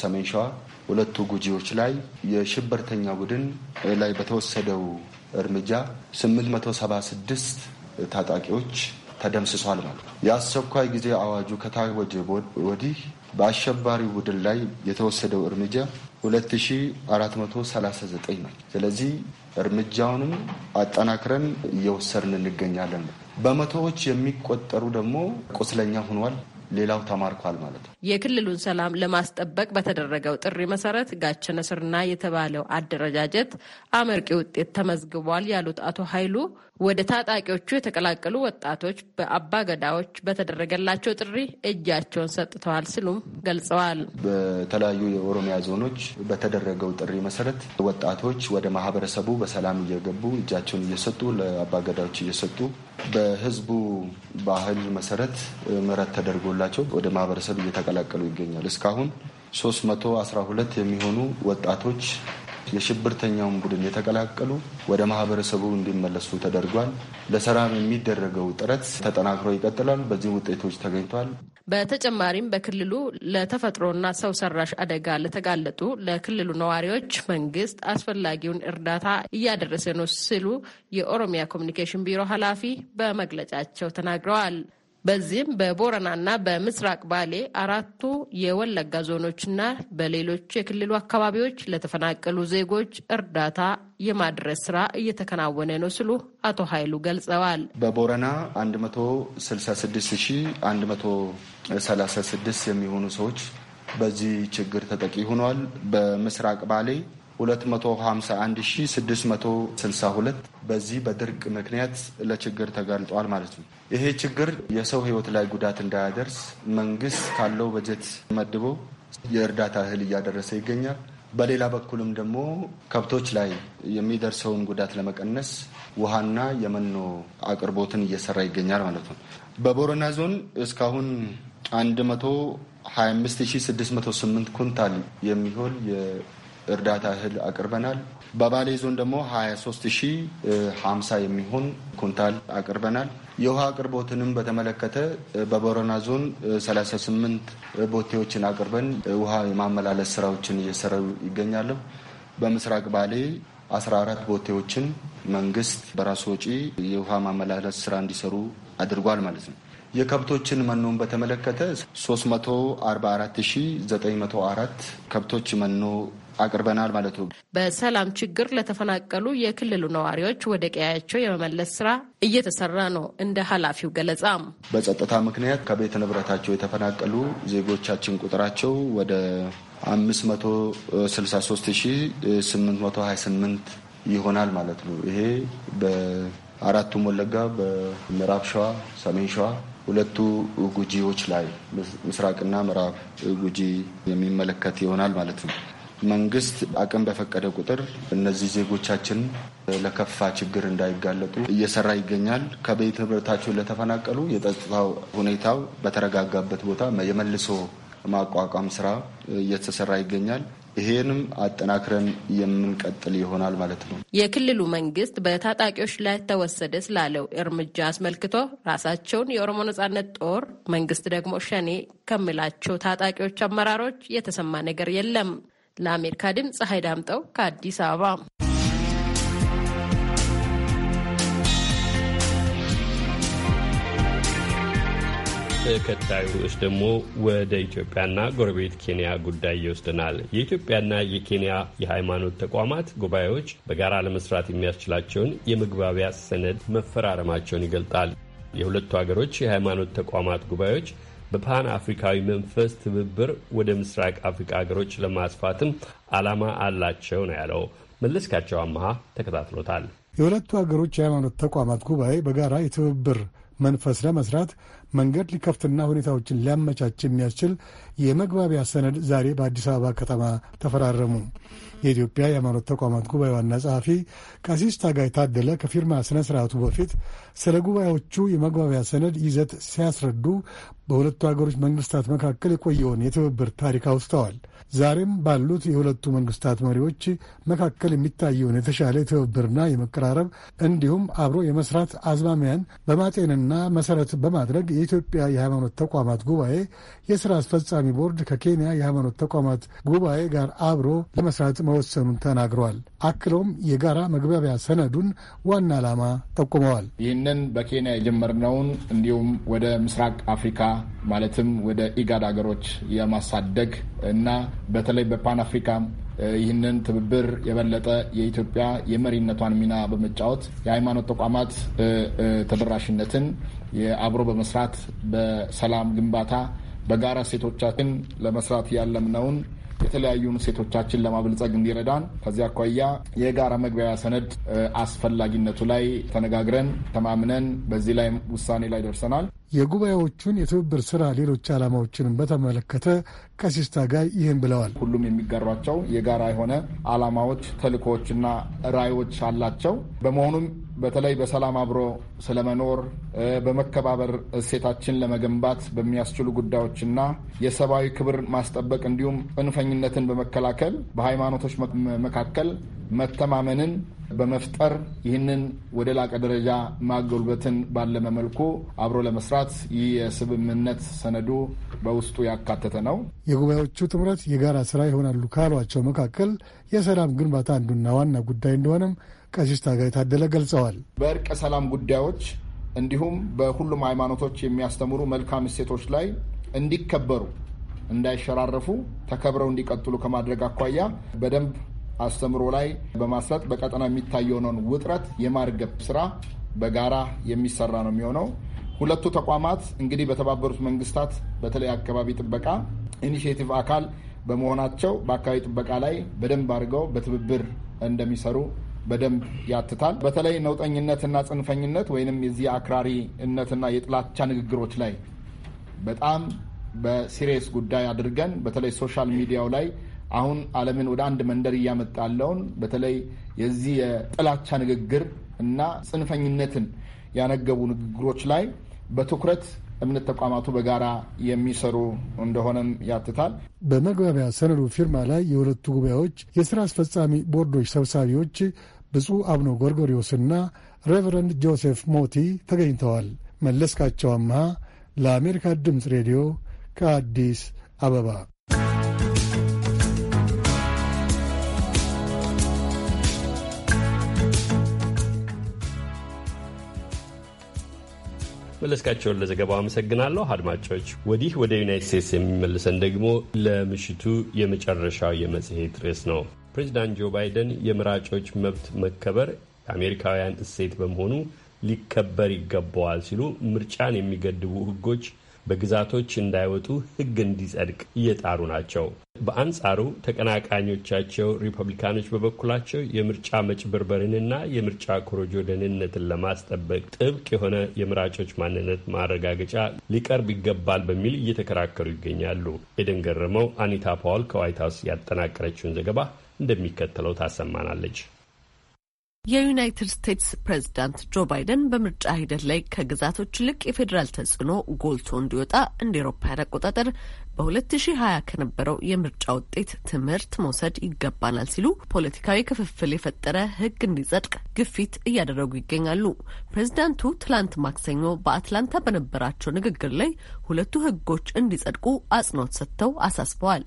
ሰሜን ሸዋ ሁለቱ ጉጂዎች ላይ የሽብርተኛ ቡድን ላይ በተወሰደው እርምጃ 876 ታጣቂዎች ተደምስሷል ማለት ነው። የአስቸኳይ ጊዜ አዋጁ ከታወጀ ወዲህ በአሸባሪ ቡድን ላይ የተወሰደው እርምጃ 2439 ነው። ስለዚህ እርምጃውንም አጠናክረን እየወሰድን እንገኛለን። በመቶዎች የሚቆጠሩ ደግሞ ቁስለኛ ሆኗል። ሌላው ተማርኳል ማለት ነው። የክልሉን ሰላም ለማስጠበቅ በተደረገው ጥሪ መሰረት ጋቸነ ስርና የተባለው አደረጃጀት አመርቂ ውጤት ተመዝግቧል ያሉት አቶ ኃይሉ ወደ ታጣቂዎቹ የተቀላቀሉ ወጣቶች በአባ ገዳዎች በተደረገላቸው ጥሪ እጃቸውን ሰጥተዋል ሲሉም ገልጸዋል። በተለያዩ የኦሮሚያ ዞኖች በተደረገው ጥሪ መሰረት ወጣቶች ወደ ማህበረሰቡ በሰላም እየገቡ እጃቸውን እየሰጡ ለአባ ገዳዎች እየሰጡ በህዝቡ ባህል መሰረት ምህረት ተደርጎላቸው ወደ ማህበረሰብ እየተቀላቀሉ ይገኛል። እስካሁን 312 የሚሆኑ ወጣቶች የሽብርተኛውን ቡድን የተቀላቀሉ ወደ ማህበረሰቡ እንዲመለሱ ተደርጓል። ለሰላም የሚደረገው ጥረት ተጠናክሮ ይቀጥላል። በዚህ ውጤቶች ተገኝቷል። በተጨማሪም በክልሉ ለተፈጥሮና ሰው ሰራሽ አደጋ ለተጋለጡ ለክልሉ ነዋሪዎች መንግስት አስፈላጊውን እርዳታ እያደረሰ ነው ሲሉ የኦሮሚያ ኮሚኒኬሽን ቢሮ ኃላፊ በመግለጫቸው ተናግረዋል። በዚህም በቦረናና በምስራቅ ባሌ አራቱ የወለጋ ዞኖችና በሌሎች የክልሉ አካባቢዎች ለተፈናቀሉ ዜጎች እርዳታ የማድረስ ስራ እየተከናወነ ነው ሲሉ አቶ ኃይሉ ገልጸዋል። በቦረና 166136 የሚሆኑ ሰዎች በዚህ ችግር ተጠቂ ሆነዋል። በምስራቅ ባሌ 251662 በዚህ በድርቅ ምክንያት ለችግር ተጋልጧል ማለት ነው። ይሄ ችግር የሰው ሕይወት ላይ ጉዳት እንዳያደርስ መንግስት ካለው በጀት መድቦ የእርዳታ እህል እያደረሰ ይገኛል። በሌላ በኩልም ደግሞ ከብቶች ላይ የሚደርሰውን ጉዳት ለመቀነስ ውሃና የመኖ አቅርቦትን እየሰራ ይገኛል ማለት ነው። በቦረና ዞን እስካሁን 125,608 ኩንታል የሚሆን እርዳታ እህል አቅርበናል። በባሌ ዞን ደግሞ 23050 የሚሆን ኩንታል አቅርበናል። የውሃ አቅርቦትንም በተመለከተ በቦረና ዞን 38 ቦቴዎችን አቅርበን ውሃ የማመላለስ ስራዎችን እየሰሩ ይገኛሉ። በምስራቅ ባሌ 14 ቦቴዎችን መንግስት በራሱ ወጪ የውሃ ማመላለስ ስራ እንዲሰሩ አድርጓል ማለት ነው። የከብቶችን መኖን በተመለከተ 344904 ከብቶች መኖ አቅርበናል ማለት ነው። በሰላም ችግር ለተፈናቀሉ የክልሉ ነዋሪዎች ወደ ቀያቸው የመመለስ ስራ እየተሰራ ነው። እንደ ኃላፊው ገለጻም በጸጥታ ምክንያት ከቤት ንብረታቸው የተፈናቀሉ ዜጎቻችን ቁጥራቸው ወደ 563828 ይሆናል ማለት ነው። ይሄ በአራቱም ወለጋ፣ በምዕራብ ሸዋ፣ ሰሜን ሸዋ ሁለቱ ጉጂዎች ላይ ምስራቅና ምዕራብ ጉጂ የሚመለከት ይሆናል ማለት ነው። መንግስት አቅም በፈቀደ ቁጥር እነዚህ ዜጎቻችን ለከፋ ችግር እንዳይጋለጡ እየሰራ ይገኛል። ከቤት ንብረታቸው ለተፈናቀሉ የጸጥታው ሁኔታው በተረጋጋበት ቦታ የመልሶ ማቋቋም ስራ እየተሰራ ይገኛል። ይሄንም አጠናክረን የምንቀጥል ይሆናል ማለት ነው። የክልሉ መንግስት በታጣቂዎች ላይ ተወሰደ ስላለው እርምጃ አስመልክቶ ራሳቸውን የኦሮሞ ነጻነት ጦር መንግስት ደግሞ ሸኔ ከሚላቸው ታጣቂዎች አመራሮች የተሰማ ነገር የለም። ለአሜሪካ ድምፅ ፀሐይ ዳምጠው ከአዲስ አበባ። ተከታዩ ርዕስ ደግሞ ወደ ኢትዮጵያና ጎረቤት ኬንያ ጉዳይ ይወስደናል። የኢትዮጵያና የኬንያ የሃይማኖት ተቋማት ጉባኤዎች በጋራ ለመስራት የሚያስችላቸውን የመግባቢያ ሰነድ መፈራረማቸውን ይገልጣል። የሁለቱ ሀገሮች የሃይማኖት ተቋማት ጉባኤዎች በፓን አፍሪካዊ መንፈስ ትብብር ወደ ምስራቅ አፍሪካ ሀገሮች ለማስፋትም ዓላማ አላቸው ነው ያለው። መለስካቸው አመሃ ተከታትሎታል። የሁለቱ ሀገሮች የሃይማኖት ተቋማት ጉባኤ በጋራ የትብብር መንፈስ ለመስራት መንገድ ሊከፍትና ሁኔታዎችን ሊያመቻች የሚያስችል የመግባቢያ ሰነድ ዛሬ በአዲስ አበባ ከተማ ተፈራረሙ። የኢትዮጵያ የሃይማኖት ተቋማት ጉባኤ ዋና ጸሐፊ ቀሲስ ታጋይ ታደለ ከፊርማ ስነ ስርዓቱ በፊት ስለ ጉባኤዎቹ የመግባቢያ ሰነድ ይዘት ሲያስረዱ በሁለቱ ሀገሮች መንግስታት መካከል የቆየውን የትብብር ታሪክ አውስተዋል። ዛሬም ባሉት የሁለቱ መንግስታት መሪዎች መካከል የሚታየውን የተሻለ ትብብርና የመቀራረብ እንዲሁም አብሮ የመስራት አዝማሚያን በማጤንና መሰረት በማድረግ የኢትዮጵያ የሃይማኖት ተቋማት ጉባኤ የስራ አስፈጻሚ ቦርድ ከኬንያ የሃይማኖት ተቋማት ጉባኤ ጋር አብሮ ለመስራት መወሰኑን ተናግረዋል። አክለውም የጋራ መግባቢያ ሰነዱን ዋና ዓላማ ጠቁመዋል። ይህንን በኬንያ የጀመርነውን እንዲሁም ወደ ምስራቅ አፍሪካ ማለትም ወደ ኢጋድ ሀገሮች የማሳደግ እና በተለይ በፓን አፍሪካ ይህንን ትብብር የበለጠ የኢትዮጵያ የመሪነቷን ሚና በመጫወት የሃይማኖት ተቋማት ተደራሽነትን የአብሮ በመስራት በሰላም ግንባታ በጋራ ሴቶቻችን ለመስራት ያለምነውን የተለያዩን ሴቶቻችን ለማበልጸግ እንዲረዳን ከዚ አኳያ የጋራ መግቢያ ሰነድ አስፈላጊነቱ ላይ ተነጋግረን ተማምነን በዚህ ላይ ውሳኔ ላይ ደርሰናል። የጉባኤዎቹን የትብብር ስራ ሌሎች ዓላማዎችንም በተመለከተ ቀሲስ ታጋይ ይህን ብለዋል። ሁሉም የሚጋሯቸው የጋራ የሆነ ዓላማዎች፣ ተልእኮዎችና ራዕዮች አላቸው። በመሆኑም በተለይ በሰላም አብሮ ስለመኖር በመከባበር እሴታችን ለመገንባት በሚያስችሉ ጉዳዮችና የሰብአዊ ክብር ማስጠበቅ እንዲሁም ጽንፈኝነትን በመከላከል በሃይማኖቶች መካከል መተማመንን በመፍጠር ይህንን ወደ ላቀ ደረጃ ማጎልበትን ባለመ መልኩ አብሮ ለመስራት ለማስፋፋት የስምምነት ሰነዱ በውስጡ ያካተተ ነው። የጉባኤዎቹ ጥምረት የጋራ ስራ ይሆናሉ ካሏቸው መካከል የሰላም ግንባታ አንዱና ዋና ጉዳይ እንደሆነም ቀሲስ ታጋይ ታደለ ገልጸዋል። በእርቀ ሰላም ጉዳዮች እንዲሁም በሁሉም ሃይማኖቶች የሚያስተምሩ መልካም እሴቶች ላይ እንዲከበሩ፣ እንዳይሸራረፉ፣ ተከብረው እንዲቀጥሉ ከማድረግ አኳያ በደንብ አስተምሮ ላይ በማስረጥ በቀጠና የሚታየውን ውጥረት የማርገብ ስራ በጋራ የሚሰራ ነው የሚሆነው። ሁለቱ ተቋማት እንግዲህ በተባበሩት መንግስታት በተለይ አካባቢ ጥበቃ ኢኒሽቲቭ አካል በመሆናቸው በአካባቢ ጥበቃ ላይ በደንብ አድርገው በትብብር እንደሚሰሩ በደንብ ያትታል። በተለይ ነውጠኝነትና ጽንፈኝነት ወይንም የዚህ አክራሪነትና የጥላቻ ንግግሮች ላይ በጣም በሲሪየስ ጉዳይ አድርገን በተለይ ሶሻል ሚዲያው ላይ አሁን ዓለምን ወደ አንድ መንደር እያመጣ ያለውን በተለይ የዚህ የጥላቻ ንግግር እና ጽንፈኝነትን ያነገቡ ንግግሮች ላይ በትኩረት እምነት ተቋማቱ በጋራ የሚሰሩ እንደሆነም ያትታል። በመግባቢያ ሰነዱ ፊርማ ላይ የሁለቱ ጉባኤዎች የሥራ አስፈጻሚ ቦርዶች ሰብሳቢዎች ብፁዕ አቡነ ጎርጎሪዎስና ሬቨረንድ ጆሴፍ ሞቲ ተገኝተዋል። መለስካቸው አምሃ ለአሜሪካ ድምፅ ሬዲዮ ከአዲስ አበባ መለስካቸውን ለዘገባው አመሰግናለሁ። አድማጮች፣ ወዲህ ወደ ዩናይት ስቴትስ የሚመልሰን ደግሞ ለምሽቱ የመጨረሻው የመጽሔት ርዕስ ነው። ፕሬዚዳንት ጆ ባይደን የምራጮች መብት መከበር የአሜሪካውያን እሴት በመሆኑ ሊከበር ይገባዋል ሲሉ ምርጫን የሚገድቡ ሕጎች በግዛቶች እንዳይወጡ ሕግ እንዲጸድቅ እየጣሩ ናቸው። በአንጻሩ ተቀናቃኞቻቸው ሪፐብሊካኖች በበኩላቸው የምርጫ መጭበርበርንና የምርጫ ኮሮጆ ደህንነትን ለማስጠበቅ ጥብቅ የሆነ የምራጮች ማንነት ማረጋገጫ ሊቀርብ ይገባል በሚል እየተከራከሩ ይገኛሉ። ኤደን ገረመው አኒታ ፓውል ከዋይት ሀውስ ያጠናቀረችውን ዘገባ እንደሚከተለው ታሰማናለች። የዩናይትድ ስቴትስ ፕሬዚዳንት ጆ ባይደን በምርጫ ሂደት ላይ ከግዛቶች ይልቅ የፌዴራል ተጽዕኖ ጎልቶ እንዲወጣ እንደ ኤሮፓያን አቆጣጠር በ2020 ከነበረው የምርጫ ውጤት ትምህርት መውሰድ ይገባናል ሲሉ ፖለቲካዊ ክፍፍል የፈጠረ ሕግ እንዲጸድቅ ግፊት እያደረጉ ይገኛሉ። ፕሬዚዳንቱ ትላንት ማክሰኞ በአትላንታ በነበራቸው ንግግር ላይ ሁለቱ ሕጎች እንዲጸድቁ አጽንኦት ሰጥተው አሳስበዋል።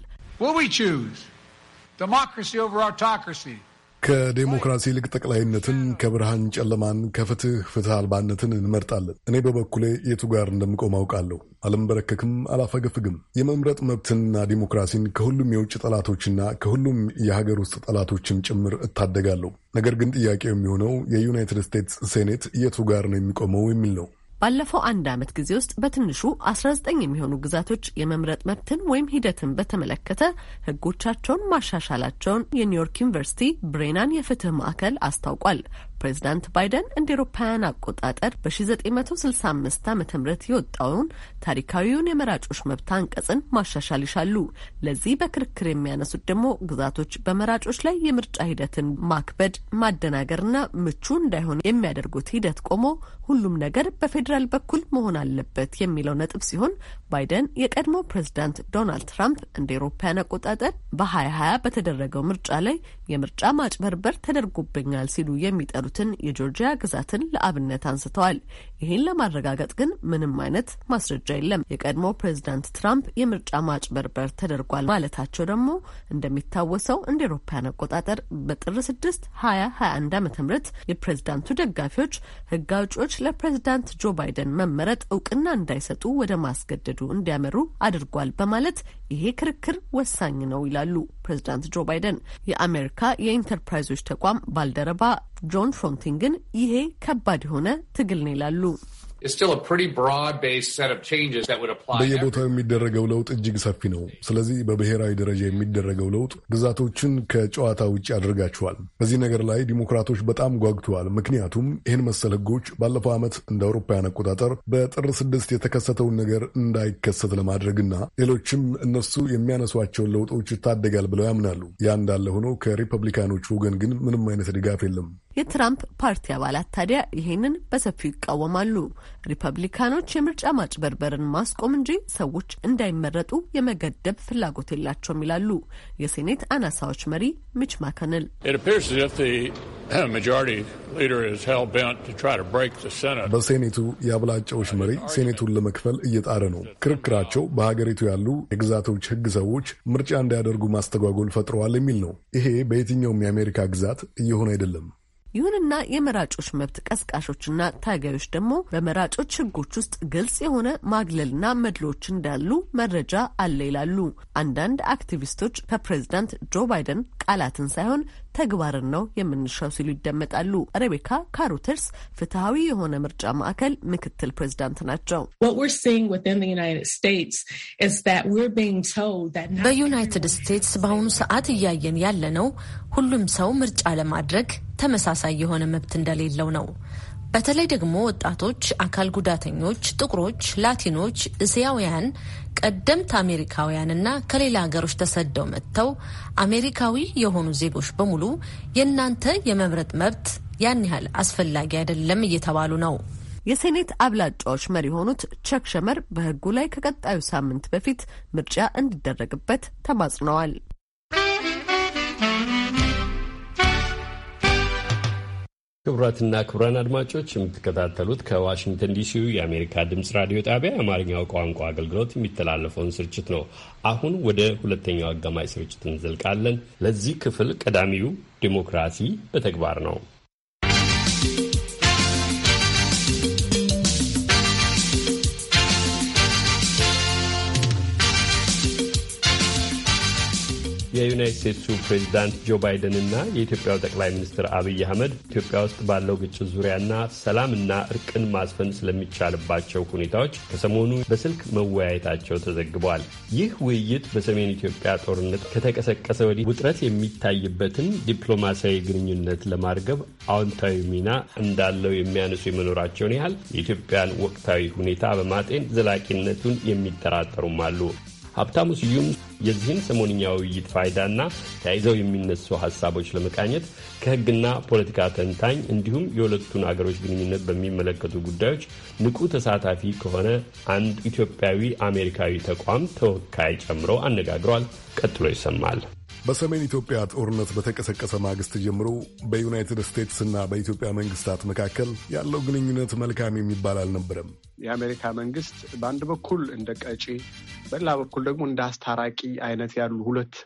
ከዴሞክራሲ ይልቅ ጠቅላይነትን፣ ከብርሃን ጨለማን፣ ከፍትህ ፍትህ አልባነትን እንመርጣለን። እኔ በበኩሌ የቱ ጋር እንደምቆም አውቃለሁ። አልንበረከክም፣ አላፈገፍግም። የመምረጥ መብትንና ዲሞክራሲን ከሁሉም የውጭ ጠላቶችና ከሁሉም የሀገር ውስጥ ጠላቶችም ጭምር እታደጋለሁ። ነገር ግን ጥያቄ የሚሆነው የዩናይትድ ስቴትስ ሴኔት የቱ ጋር ነው የሚቆመው የሚል ነው። ባለፈው አንድ ዓመት ጊዜ ውስጥ በትንሹ 19 የሚሆኑ ግዛቶች የመምረጥ መብትን ወይም ሂደትን በተመለከተ ህጎቻቸውን ማሻሻላቸውን የኒውዮርክ ዩኒቨርሲቲ ብሬናን የፍትህ ማዕከል አስታውቋል። ፕሬዚዳንት ባይደን እንደ ኤሮፓውያን አቆጣጠር በ1965 ዓ ም የወጣውን ታሪካዊውን የመራጮች መብት አንቀጽን ማሻሻል ይሻሉ። ለዚህ በክርክር የሚያነሱት ደግሞ ግዛቶች በመራጮች ላይ የምርጫ ሂደትን ማክበድ፣ ማደናገርና ምቹ እንዳይሆን የሚያደርጉት ሂደት ቆሞ ሁሉም ነገር በፌዴራል በኩል መሆን አለበት የሚለው ነጥብ ሲሆን ባይደን የቀድሞ ፕሬዚዳንት ዶናልድ ትራምፕ እንደ ኤሮፓውያን አቆጣጠር በ2020 በተደረገው ምርጫ ላይ የምርጫ ማጭበርበር ተደርጎብኛል ሲሉ የሚጠሩ ያሉትን የጆርጂያ ግዛትን ለአብነት አንስተዋል። ይህን ለማረጋገጥ ግን ምንም አይነት ማስረጃ የለም። የቀድሞ ፕሬዚዳንት ትራምፕ የምርጫ ማጭበርበር ተደርጓል ማለታቸው ደግሞ እንደሚታወሰው እንደ ኤሮፓያን አቆጣጠር በጥር ስድስት ሀያ ሀያ አንድ አመተ ምህረት የፕሬዚዳንቱ ደጋፊዎች ህግ አውጪዎች ለፕሬዚዳንት ጆ ባይደን መመረጥ እውቅና እንዳይሰጡ ወደ ማስገደዱ እንዲያመሩ አድርጓል በማለት ይሄ ክርክር ወሳኝ ነው ይላሉ ፕሬዚዳንት ጆ ባይደን። የአሜሪካ የኢንተርፕራይዞች ተቋም ባልደረባ ጆን ፍሮንቲንግን ይሄ ከባድ የሆነ ትግል ነው ይላሉ። በየቦታው የሚደረገው ለውጥ እጅግ ሰፊ ነው። ስለዚህ በብሔራዊ ደረጃ የሚደረገው ለውጥ ግዛቶችን ከጨዋታ ውጭ አድርጋቸዋል። በዚህ ነገር ላይ ዲሞክራቶች በጣም ጓግተዋል። ምክንያቱም ይህን መሰል ህጎች ባለፈው ዓመት እንደ አውሮፓውያን አቆጣጠር በጥር ስድስት የተከሰተውን ነገር እንዳይከሰት ለማድረግና ሌሎችም እነሱ የሚያነሷቸውን ለውጦች ይታደጋል ብለው ያምናሉ። ያ እንዳለ ሆኖ ከሪፐብሊካኖቹ ወገን ግን ምንም አይነት ድጋፍ የለም። የትራምፕ ፓርቲ አባላት ታዲያ ይሄንን በሰፊው ይቃወማሉ። ሪፐብሊካኖች የምርጫ ማጭበርበርን ማስቆም እንጂ ሰዎች እንዳይመረጡ የመገደብ ፍላጎት የላቸውም ይላሉ የሴኔት አናሳዎች መሪ ሚች ማከንል። በሴኔቱ የአብላጫዎች መሪ ሴኔቱን ለመክፈል እየጣረ ነው። ክርክራቸው በሀገሪቱ ያሉ የግዛቶች ሕግ ሰዎች ምርጫ እንዳያደርጉ ማስተጓጎል ፈጥረዋል የሚል ነው። ይሄ በየትኛውም የአሜሪካ ግዛት እየሆነ አይደለም። ይሁንና የመራጮች መብት ቀስቃሾችና ታጋዮች ደግሞ በመራጮች ሕጎች ውስጥ ግልጽ የሆነ ማግለልና መድሎች እንዳሉ መረጃ አለ ይላሉ። አንዳንድ አክቲቪስቶች ከፕሬዚዳንት ጆ ባይደን ቃላትን ሳይሆን ተግባርን ነው የምንሻው ሲሉ ይደመጣሉ። ሬቤካ ካሩተርስ ፍትሐዊ የሆነ ምርጫ ማዕከል ምክትል ፕሬዚዳንት ናቸው። በዩናይትድ ስቴትስ በአሁኑ ሰዓት እያየን ያለነው ሁሉም ሰው ምርጫ ለማድረግ ተመሳሳይ የሆነ መብት እንደሌለው ነው። በተለይ ደግሞ ወጣቶች፣ አካል ጉዳተኞች፣ ጥቁሮች፣ ላቲኖች፣ እስያውያን፣ ቀደምት አሜሪካውያንና ከሌላ ሀገሮች ተሰደው መጥተው አሜሪካዊ የሆኑ ዜጎች በሙሉ የእናንተ የመምረጥ መብት ያን ያህል አስፈላጊ አይደለም እየተባሉ ነው። የሴኔት አብላጫዎች መሪ የሆኑት ቸክ ሸመር በህጉ ላይ ከቀጣዩ ሳምንት በፊት ምርጫ እንዲደረግበት ተማጽነዋል። ክቡራትና ክቡራን አድማጮች የምትከታተሉት ከዋሽንግተን ዲሲው የአሜሪካ ድምፅ ራዲዮ ጣቢያ የአማርኛው ቋንቋ አገልግሎት የሚተላለፈውን ስርጭት ነው። አሁን ወደ ሁለተኛው አጋማሽ ስርጭት እንዘልቃለን። ለዚህ ክፍል ቀዳሚው ዲሞክራሲ በተግባር ነው። የዩናይት ስቴትሱ ፕሬዚዳንት ጆ ባይደን እና የኢትዮጵያው ጠቅላይ ሚኒስትር አብይ አህመድ ኢትዮጵያ ውስጥ ባለው ግጭት ዙሪያና ሰላምና እርቅን ማስፈን ስለሚቻልባቸው ሁኔታዎች ከሰሞኑ በስልክ መወያየታቸው ተዘግቧል። ይህ ውይይት በሰሜን ኢትዮጵያ ጦርነት ከተቀሰቀሰ ወዲህ ውጥረት የሚታይበትን ዲፕሎማሲያዊ ግንኙነት ለማርገብ አዎንታዊ ሚና እንዳለው የሚያነሱ የመኖራቸውን ያህል የኢትዮጵያን ወቅታዊ ሁኔታ በማጤን ዘላቂነቱን የሚጠራጠሩም አሉ። ሀብታሙ ስዩም የዚህን ሰሞንኛ ውይይት ፋይዳና ተያይዘው የሚነሱ ሀሳቦች ለመቃኘት ከህግና ፖለቲካ ተንታኝ እንዲሁም የሁለቱን አገሮች ግንኙነት በሚመለከቱ ጉዳዮች ንቁ ተሳታፊ ከሆነ አንድ ኢትዮጵያዊ አሜሪካዊ ተቋም ተወካይ ጨምሮ አነጋግሯል። ቀጥሎ ይሰማል። በሰሜን ኢትዮጵያ ጦርነት በተቀሰቀሰ ማግስት ጀምሮ በዩናይትድ ስቴትስና በኢትዮጵያ መንግስታት መካከል ያለው ግንኙነት መልካም የሚባል አልነበረም። የአሜሪካ መንግስት በአንድ በኩል እንደ ቀጪ፣ በሌላ በኩል ደግሞ እንደ አስታራቂ አይነት ያሉ ሁለት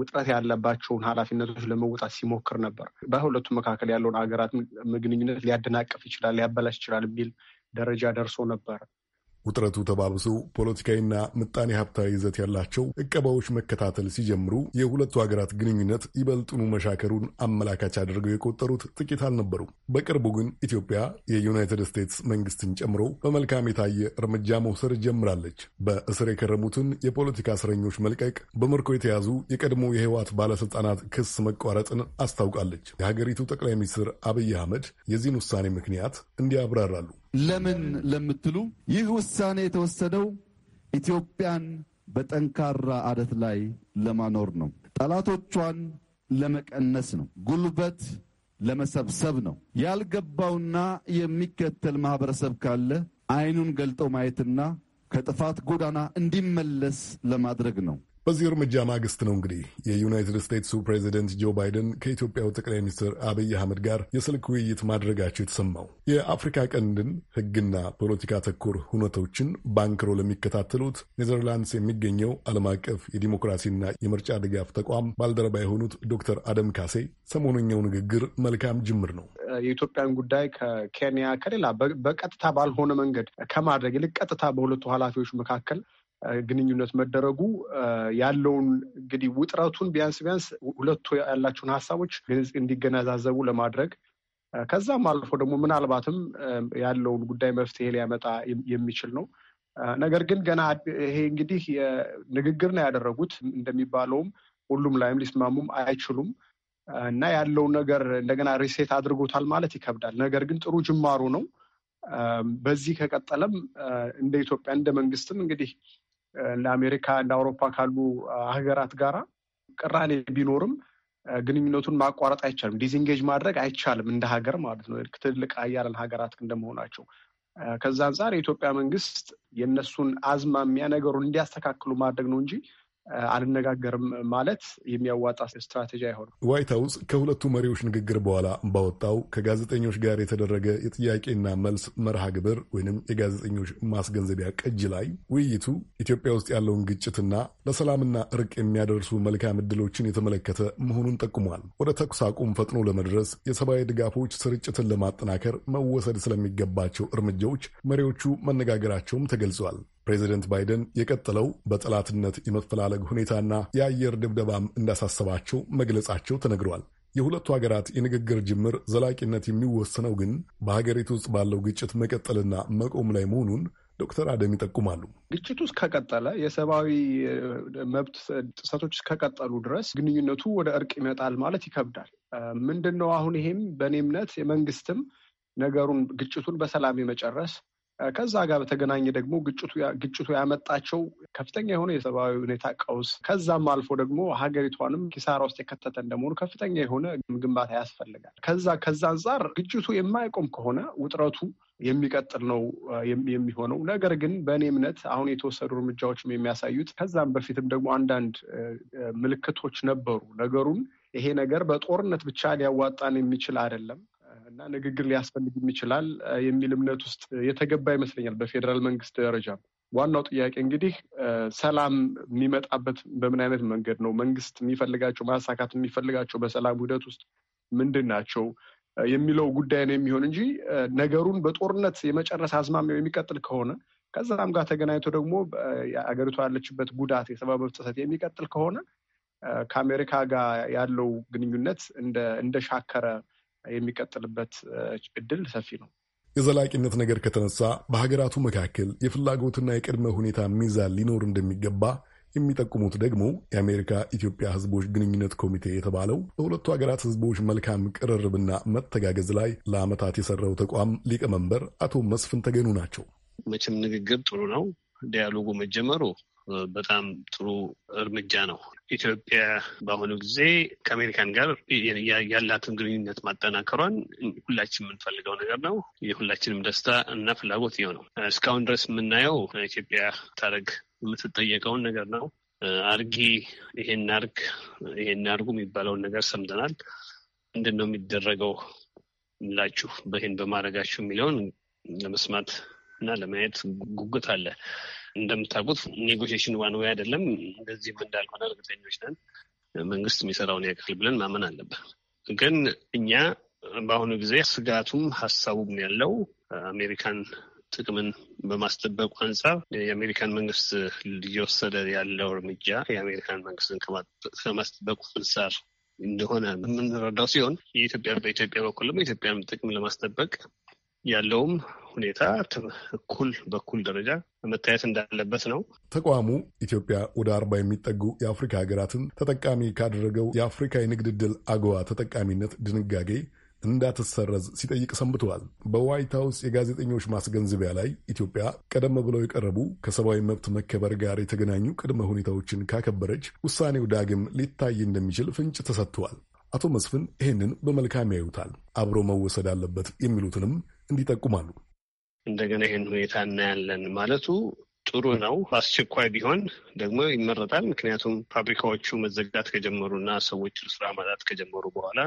ውጥረት ያለባቸውን ኃላፊነቶች ለመወጣት ሲሞክር ነበር። በሁለቱ መካከል ያለውን አገራት ግንኙነት ሊያደናቀፍ ይችላል፣ ሊያበላሽ ይችላል የሚል ደረጃ ደርሶ ነበር። ውጥረቱ ተባብሶ ፖለቲካዊና ምጣኔ ሀብታዊ ይዘት ያላቸው እቀባዎች መከታተል ሲጀምሩ የሁለቱ ሀገራት ግንኙነት ይበልጥኑ መሻከሩን አመላካች አድርገው የቆጠሩት ጥቂት አልነበሩም። በቅርቡ ግን ኢትዮጵያ የዩናይትድ ስቴትስ መንግስትን ጨምሮ በመልካም የታየ እርምጃ መውሰድ ጀምራለች። በእስር የከረሙትን የፖለቲካ እስረኞች መልቀቅ፣ በምርኮ የተያዙ የቀድሞ የህወሓት ባለስልጣናት ክስ መቋረጥን አስታውቃለች። የሀገሪቱ ጠቅላይ ሚኒስትር አብይ አህመድ የዚህን ውሳኔ ምክንያት እንዲያብራራሉ ለምን ለምትሉ ይህ ውሳኔ የተወሰደው ኢትዮጵያን በጠንካራ አደት ላይ ለማኖር ነው። ጠላቶቿን ለመቀነስ ነው። ጉልበት ለመሰብሰብ ነው። ያልገባውና የሚከተል ማህበረሰብ ካለ አይኑን ገልጦ ማየትና ከጥፋት ጎዳና እንዲመለስ ለማድረግ ነው። በዚህ እርምጃ ማግስት ነው እንግዲህ የዩናይትድ ስቴትሱ ፕሬዚደንት ጆ ባይደን ከኢትዮጵያው ጠቅላይ ሚኒስትር አብይ አህመድ ጋር የስልክ ውይይት ማድረጋቸው የተሰማው። የአፍሪካ ቀንድን ሕግና ፖለቲካ ተኮር ሁነቶችን ባንክሮ ለሚከታተሉት ኔዘርላንድስ የሚገኘው ዓለም አቀፍ የዲሞክራሲና የምርጫ ድጋፍ ተቋም ባልደረባ የሆኑት ዶክተር አደም ካሴ ሰሞነኛው ንግግር መልካም ጅምር ነው። የኢትዮጵያን ጉዳይ ከኬንያ ከሌላ በቀጥታ ባልሆነ መንገድ ከማድረግ ይልቅ ቀጥታ በሁለቱ ኃላፊዎች መካከል ግንኙነት መደረጉ ያለውን እንግዲህ ውጥረቱን ቢያንስ ቢያንስ ሁለቱ ያላቸውን ሀሳቦች ግልጽ እንዲገነዛዘቡ ለማድረግ ከዛም አልፎ ደግሞ ምናልባትም ያለውን ጉዳይ መፍትሄ ሊያመጣ የሚችል ነው። ነገር ግን ገና ይሄ እንግዲህ ንግግር ነው ያደረጉት እንደሚባለውም ሁሉም ላይም ሊስማሙም አይችሉም እና ያለውን ነገር እንደገና ሪሴት አድርጎታል ማለት ይከብዳል። ነገር ግን ጥሩ ጅማሩ ነው። በዚህ ከቀጠለም እንደ ኢትዮጵያ እንደ መንግስትም እንግዲህ እንደ አሜሪካ እንደ አውሮፓ ካሉ ሀገራት ጋራ ቅራኔ ቢኖርም ግንኙነቱን ማቋረጥ አይቻልም። ዲዝንጌጅ ማድረግ አይቻልም እንደ ሀገር ማለት ነው። ትልቅ አያለን ሀገራት እንደመሆናቸው ከዛ አንጻር የኢትዮጵያ መንግስት የእነሱን አዝማሚያ ነገሩን እንዲያስተካክሉ ማድረግ ነው እንጂ አልነጋገርም ማለት የሚያዋጣ ስትራቴጂ አይሆንም። ዋይት ሀውስ ከሁለቱ መሪዎች ንግግር በኋላ ባወጣው ከጋዜጠኞች ጋር የተደረገ የጥያቄና መልስ መርሃ ግብር ወይም የጋዜጠኞች ማስገንዘቢያ ቅጅ ላይ ውይይቱ ኢትዮጵያ ውስጥ ያለውን ግጭትና ለሰላምና እርቅ የሚያደርሱ መልካም እድሎችን የተመለከተ መሆኑን ጠቁሟል። ወደ ተኩስ አቁም ፈጥኖ ለመድረስ የሰብአዊ ድጋፎች ስርጭትን ለማጠናከር መወሰድ ስለሚገባቸው እርምጃዎች መሪዎቹ መነጋገራቸውም ተገልጿል። ፕሬዚደንት ባይደን የቀጠለው በጠላትነት የመፈላለግ ሁኔታና የአየር ድብደባም እንዳሳሰባቸው መግለጻቸው ተነግሯል። የሁለቱ ሀገራት የንግግር ጅምር ዘላቂነት የሚወሰነው ግን በሀገሪቱ ውስጥ ባለው ግጭት መቀጠልና መቆም ላይ መሆኑን ዶክተር አደም ይጠቁማሉ። ግጭቱ እስከቀጠለ የሰብአዊ መብት ጥሰቶች እስከቀጠሉ ድረስ ግንኙነቱ ወደ እርቅ ይመጣል ማለት ይከብዳል። ምንድን ነው አሁን ይሄም በእኔ እምነት የመንግስትም ነገሩን ግጭቱን በሰላም የመጨረስ ከዛ ጋር በተገናኘ ደግሞ ግጭቱ ያመጣቸው ከፍተኛ የሆነ የሰብአዊ ሁኔታ ቀውስ ከዛም አልፎ ደግሞ ሀገሪቷንም ኪሳራ ውስጥ የከተተ እንደመሆኑ ከፍተኛ የሆነ ግንባታ ያስፈልጋል። ከዛ ከዛ አንጻር ግጭቱ የማይቆም ከሆነ ውጥረቱ የሚቀጥል ነው የሚሆነው። ነገር ግን በእኔ እምነት አሁን የተወሰዱ እርምጃዎችም የሚያሳዩት ከዛም በፊትም ደግሞ አንዳንድ ምልክቶች ነበሩ። ነገሩን ይሄ ነገር በጦርነት ብቻ ሊያዋጣን የሚችል አይደለም እና ንግግር ሊያስፈልግም ይችላል የሚል እምነት ውስጥ የተገባ ይመስለኛል በፌዴራል መንግስት ደረጃ። ዋናው ጥያቄ እንግዲህ ሰላም የሚመጣበት በምን አይነት መንገድ ነው? መንግስት የሚፈልጋቸው ማሳካት የሚፈልጋቸው በሰላም ሂደት ውስጥ ምንድን ናቸው የሚለው ጉዳይ ነው የሚሆን እንጂ ነገሩን በጦርነት የመጨረስ አዝማሚያው የሚቀጥል ከሆነ ከዛም ጋር ተገናኝቶ ደግሞ አገሪቷ ያለችበት ጉዳት፣ የሰብአዊ መብት ጥሰት የሚቀጥል ከሆነ ከአሜሪካ ጋር ያለው ግንኙነት እንደሻከረ የሚቀጥልበት እድል ሰፊ ነው። የዘላቂነት ነገር ከተነሳ በሀገራቱ መካከል የፍላጎትና የቅድመ ሁኔታ ሚዛን ሊኖር እንደሚገባ የሚጠቁሙት ደግሞ የአሜሪካ ኢትዮጵያ ሕዝቦች ግንኙነት ኮሚቴ የተባለው በሁለቱ ሀገራት ሕዝቦች መልካም ቅርርብና መተጋገዝ ላይ ለዓመታት የሰራው ተቋም ሊቀመንበር አቶ መስፍን ተገኑ ናቸው። መቼም ንግግር ጥሩ ነው። ዲያሎጉ መጀመሩ በጣም ጥሩ እርምጃ ነው። ኢትዮጵያ በአሁኑ ጊዜ ከአሜሪካን ጋር ያላትን ግንኙነት ማጠናከሯን ሁላችን የምንፈልገው ነገር ነው። የሁላችንም ደስታ እና ፍላጎት ይኸው ነው። እስካሁን ድረስ የምናየው ኢትዮጵያ ታደርግ የምትጠየቀውን ነገር ነው። አርጊ፣ ይሄን አርግ፣ ይሄን አርጉ የሚባለውን ነገር ሰምተናል። ምንድን ነው የሚደረገው ላችሁ በይህን በማድረጋችሁ የሚለውን ለመስማት እና ለማየት ጉጉት አለ። እንደምታውቁት ኔጎሽሽን ዋን ወይ አይደለም። እንደዚህም እንዳልሆነ እርግጠኞች ነን። መንግስት የሚሰራውን ያክል ብለን ማመን አለብን። ግን እኛ በአሁኑ ጊዜ ስጋቱም ሀሳቡም ያለው አሜሪካን ጥቅምን በማስጠበቁ አንጻር የአሜሪካን መንግስት እየወሰደ ያለው እርምጃ የአሜሪካን መንግስትን ከማስጠበቁ አንጻር እንደሆነ የምንረዳው ሲሆን የኢትዮጵያ በኢትዮጵያ በኩልም የኢትዮጵያን ጥቅም ለማስጠበቅ ያለውም ሁኔታ እኩል በኩል ደረጃ መታየት እንዳለበት ነው። ተቋሙ ኢትዮጵያ ወደ አርባ የሚጠጉ የአፍሪካ ሀገራትን ተጠቃሚ ካደረገው የአፍሪካ የንግድ ዕድል አገዋ ተጠቃሚነት ድንጋጌ እንዳትሰረዝ ሲጠይቅ ሰንብተዋል። በዋይት ሀውስ የጋዜጠኞች ማስገንዘቢያ ላይ ኢትዮጵያ ቀደም ብለው የቀረቡ ከሰብአዊ መብት መከበር ጋር የተገናኙ ቅድመ ሁኔታዎችን ካከበረች ውሳኔው ዳግም ሊታይ እንደሚችል ፍንጭ ተሰጥተዋል። አቶ መስፍን ይህንን በመልካም ያዩታል፣ አብሮ መወሰድ አለበት የሚሉትንም እንዲጠቁማሉ። እንደገና ይህን ሁኔታ እናያለን ማለቱ ጥሩ ነው። አስቸኳይ ቢሆን ደግሞ ይመረጣል። ምክንያቱም ፋብሪካዎቹ መዘጋት ከጀመሩ እና ሰዎች ስራ ማጣት ከጀመሩ በኋላ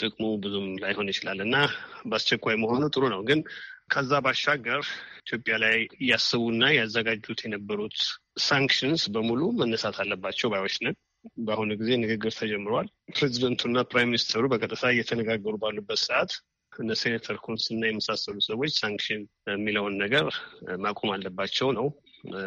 ጥቅሙ ብዙም ላይሆን ይችላል እና በአስቸኳይ መሆኑ ጥሩ ነው። ግን ከዛ ባሻገር ኢትዮጵያ ላይ እያሰቡና ያዘጋጁት የነበሩት ሳንክሽንስ በሙሉ መነሳት አለባቸው ባዮች ነን። በአሁኑ ጊዜ ንግግር ተጀምረዋል። ፕሬዚደንቱና ፕራይም ሚኒስትሩ በቀጥታ እየተነጋገሩ ባሉበት ሰዓት እነ ሴኔተር ኩንስ እና የመሳሰሉ ሰዎች ሳንክሽን የሚለውን ነገር ማቆም አለባቸው ነው።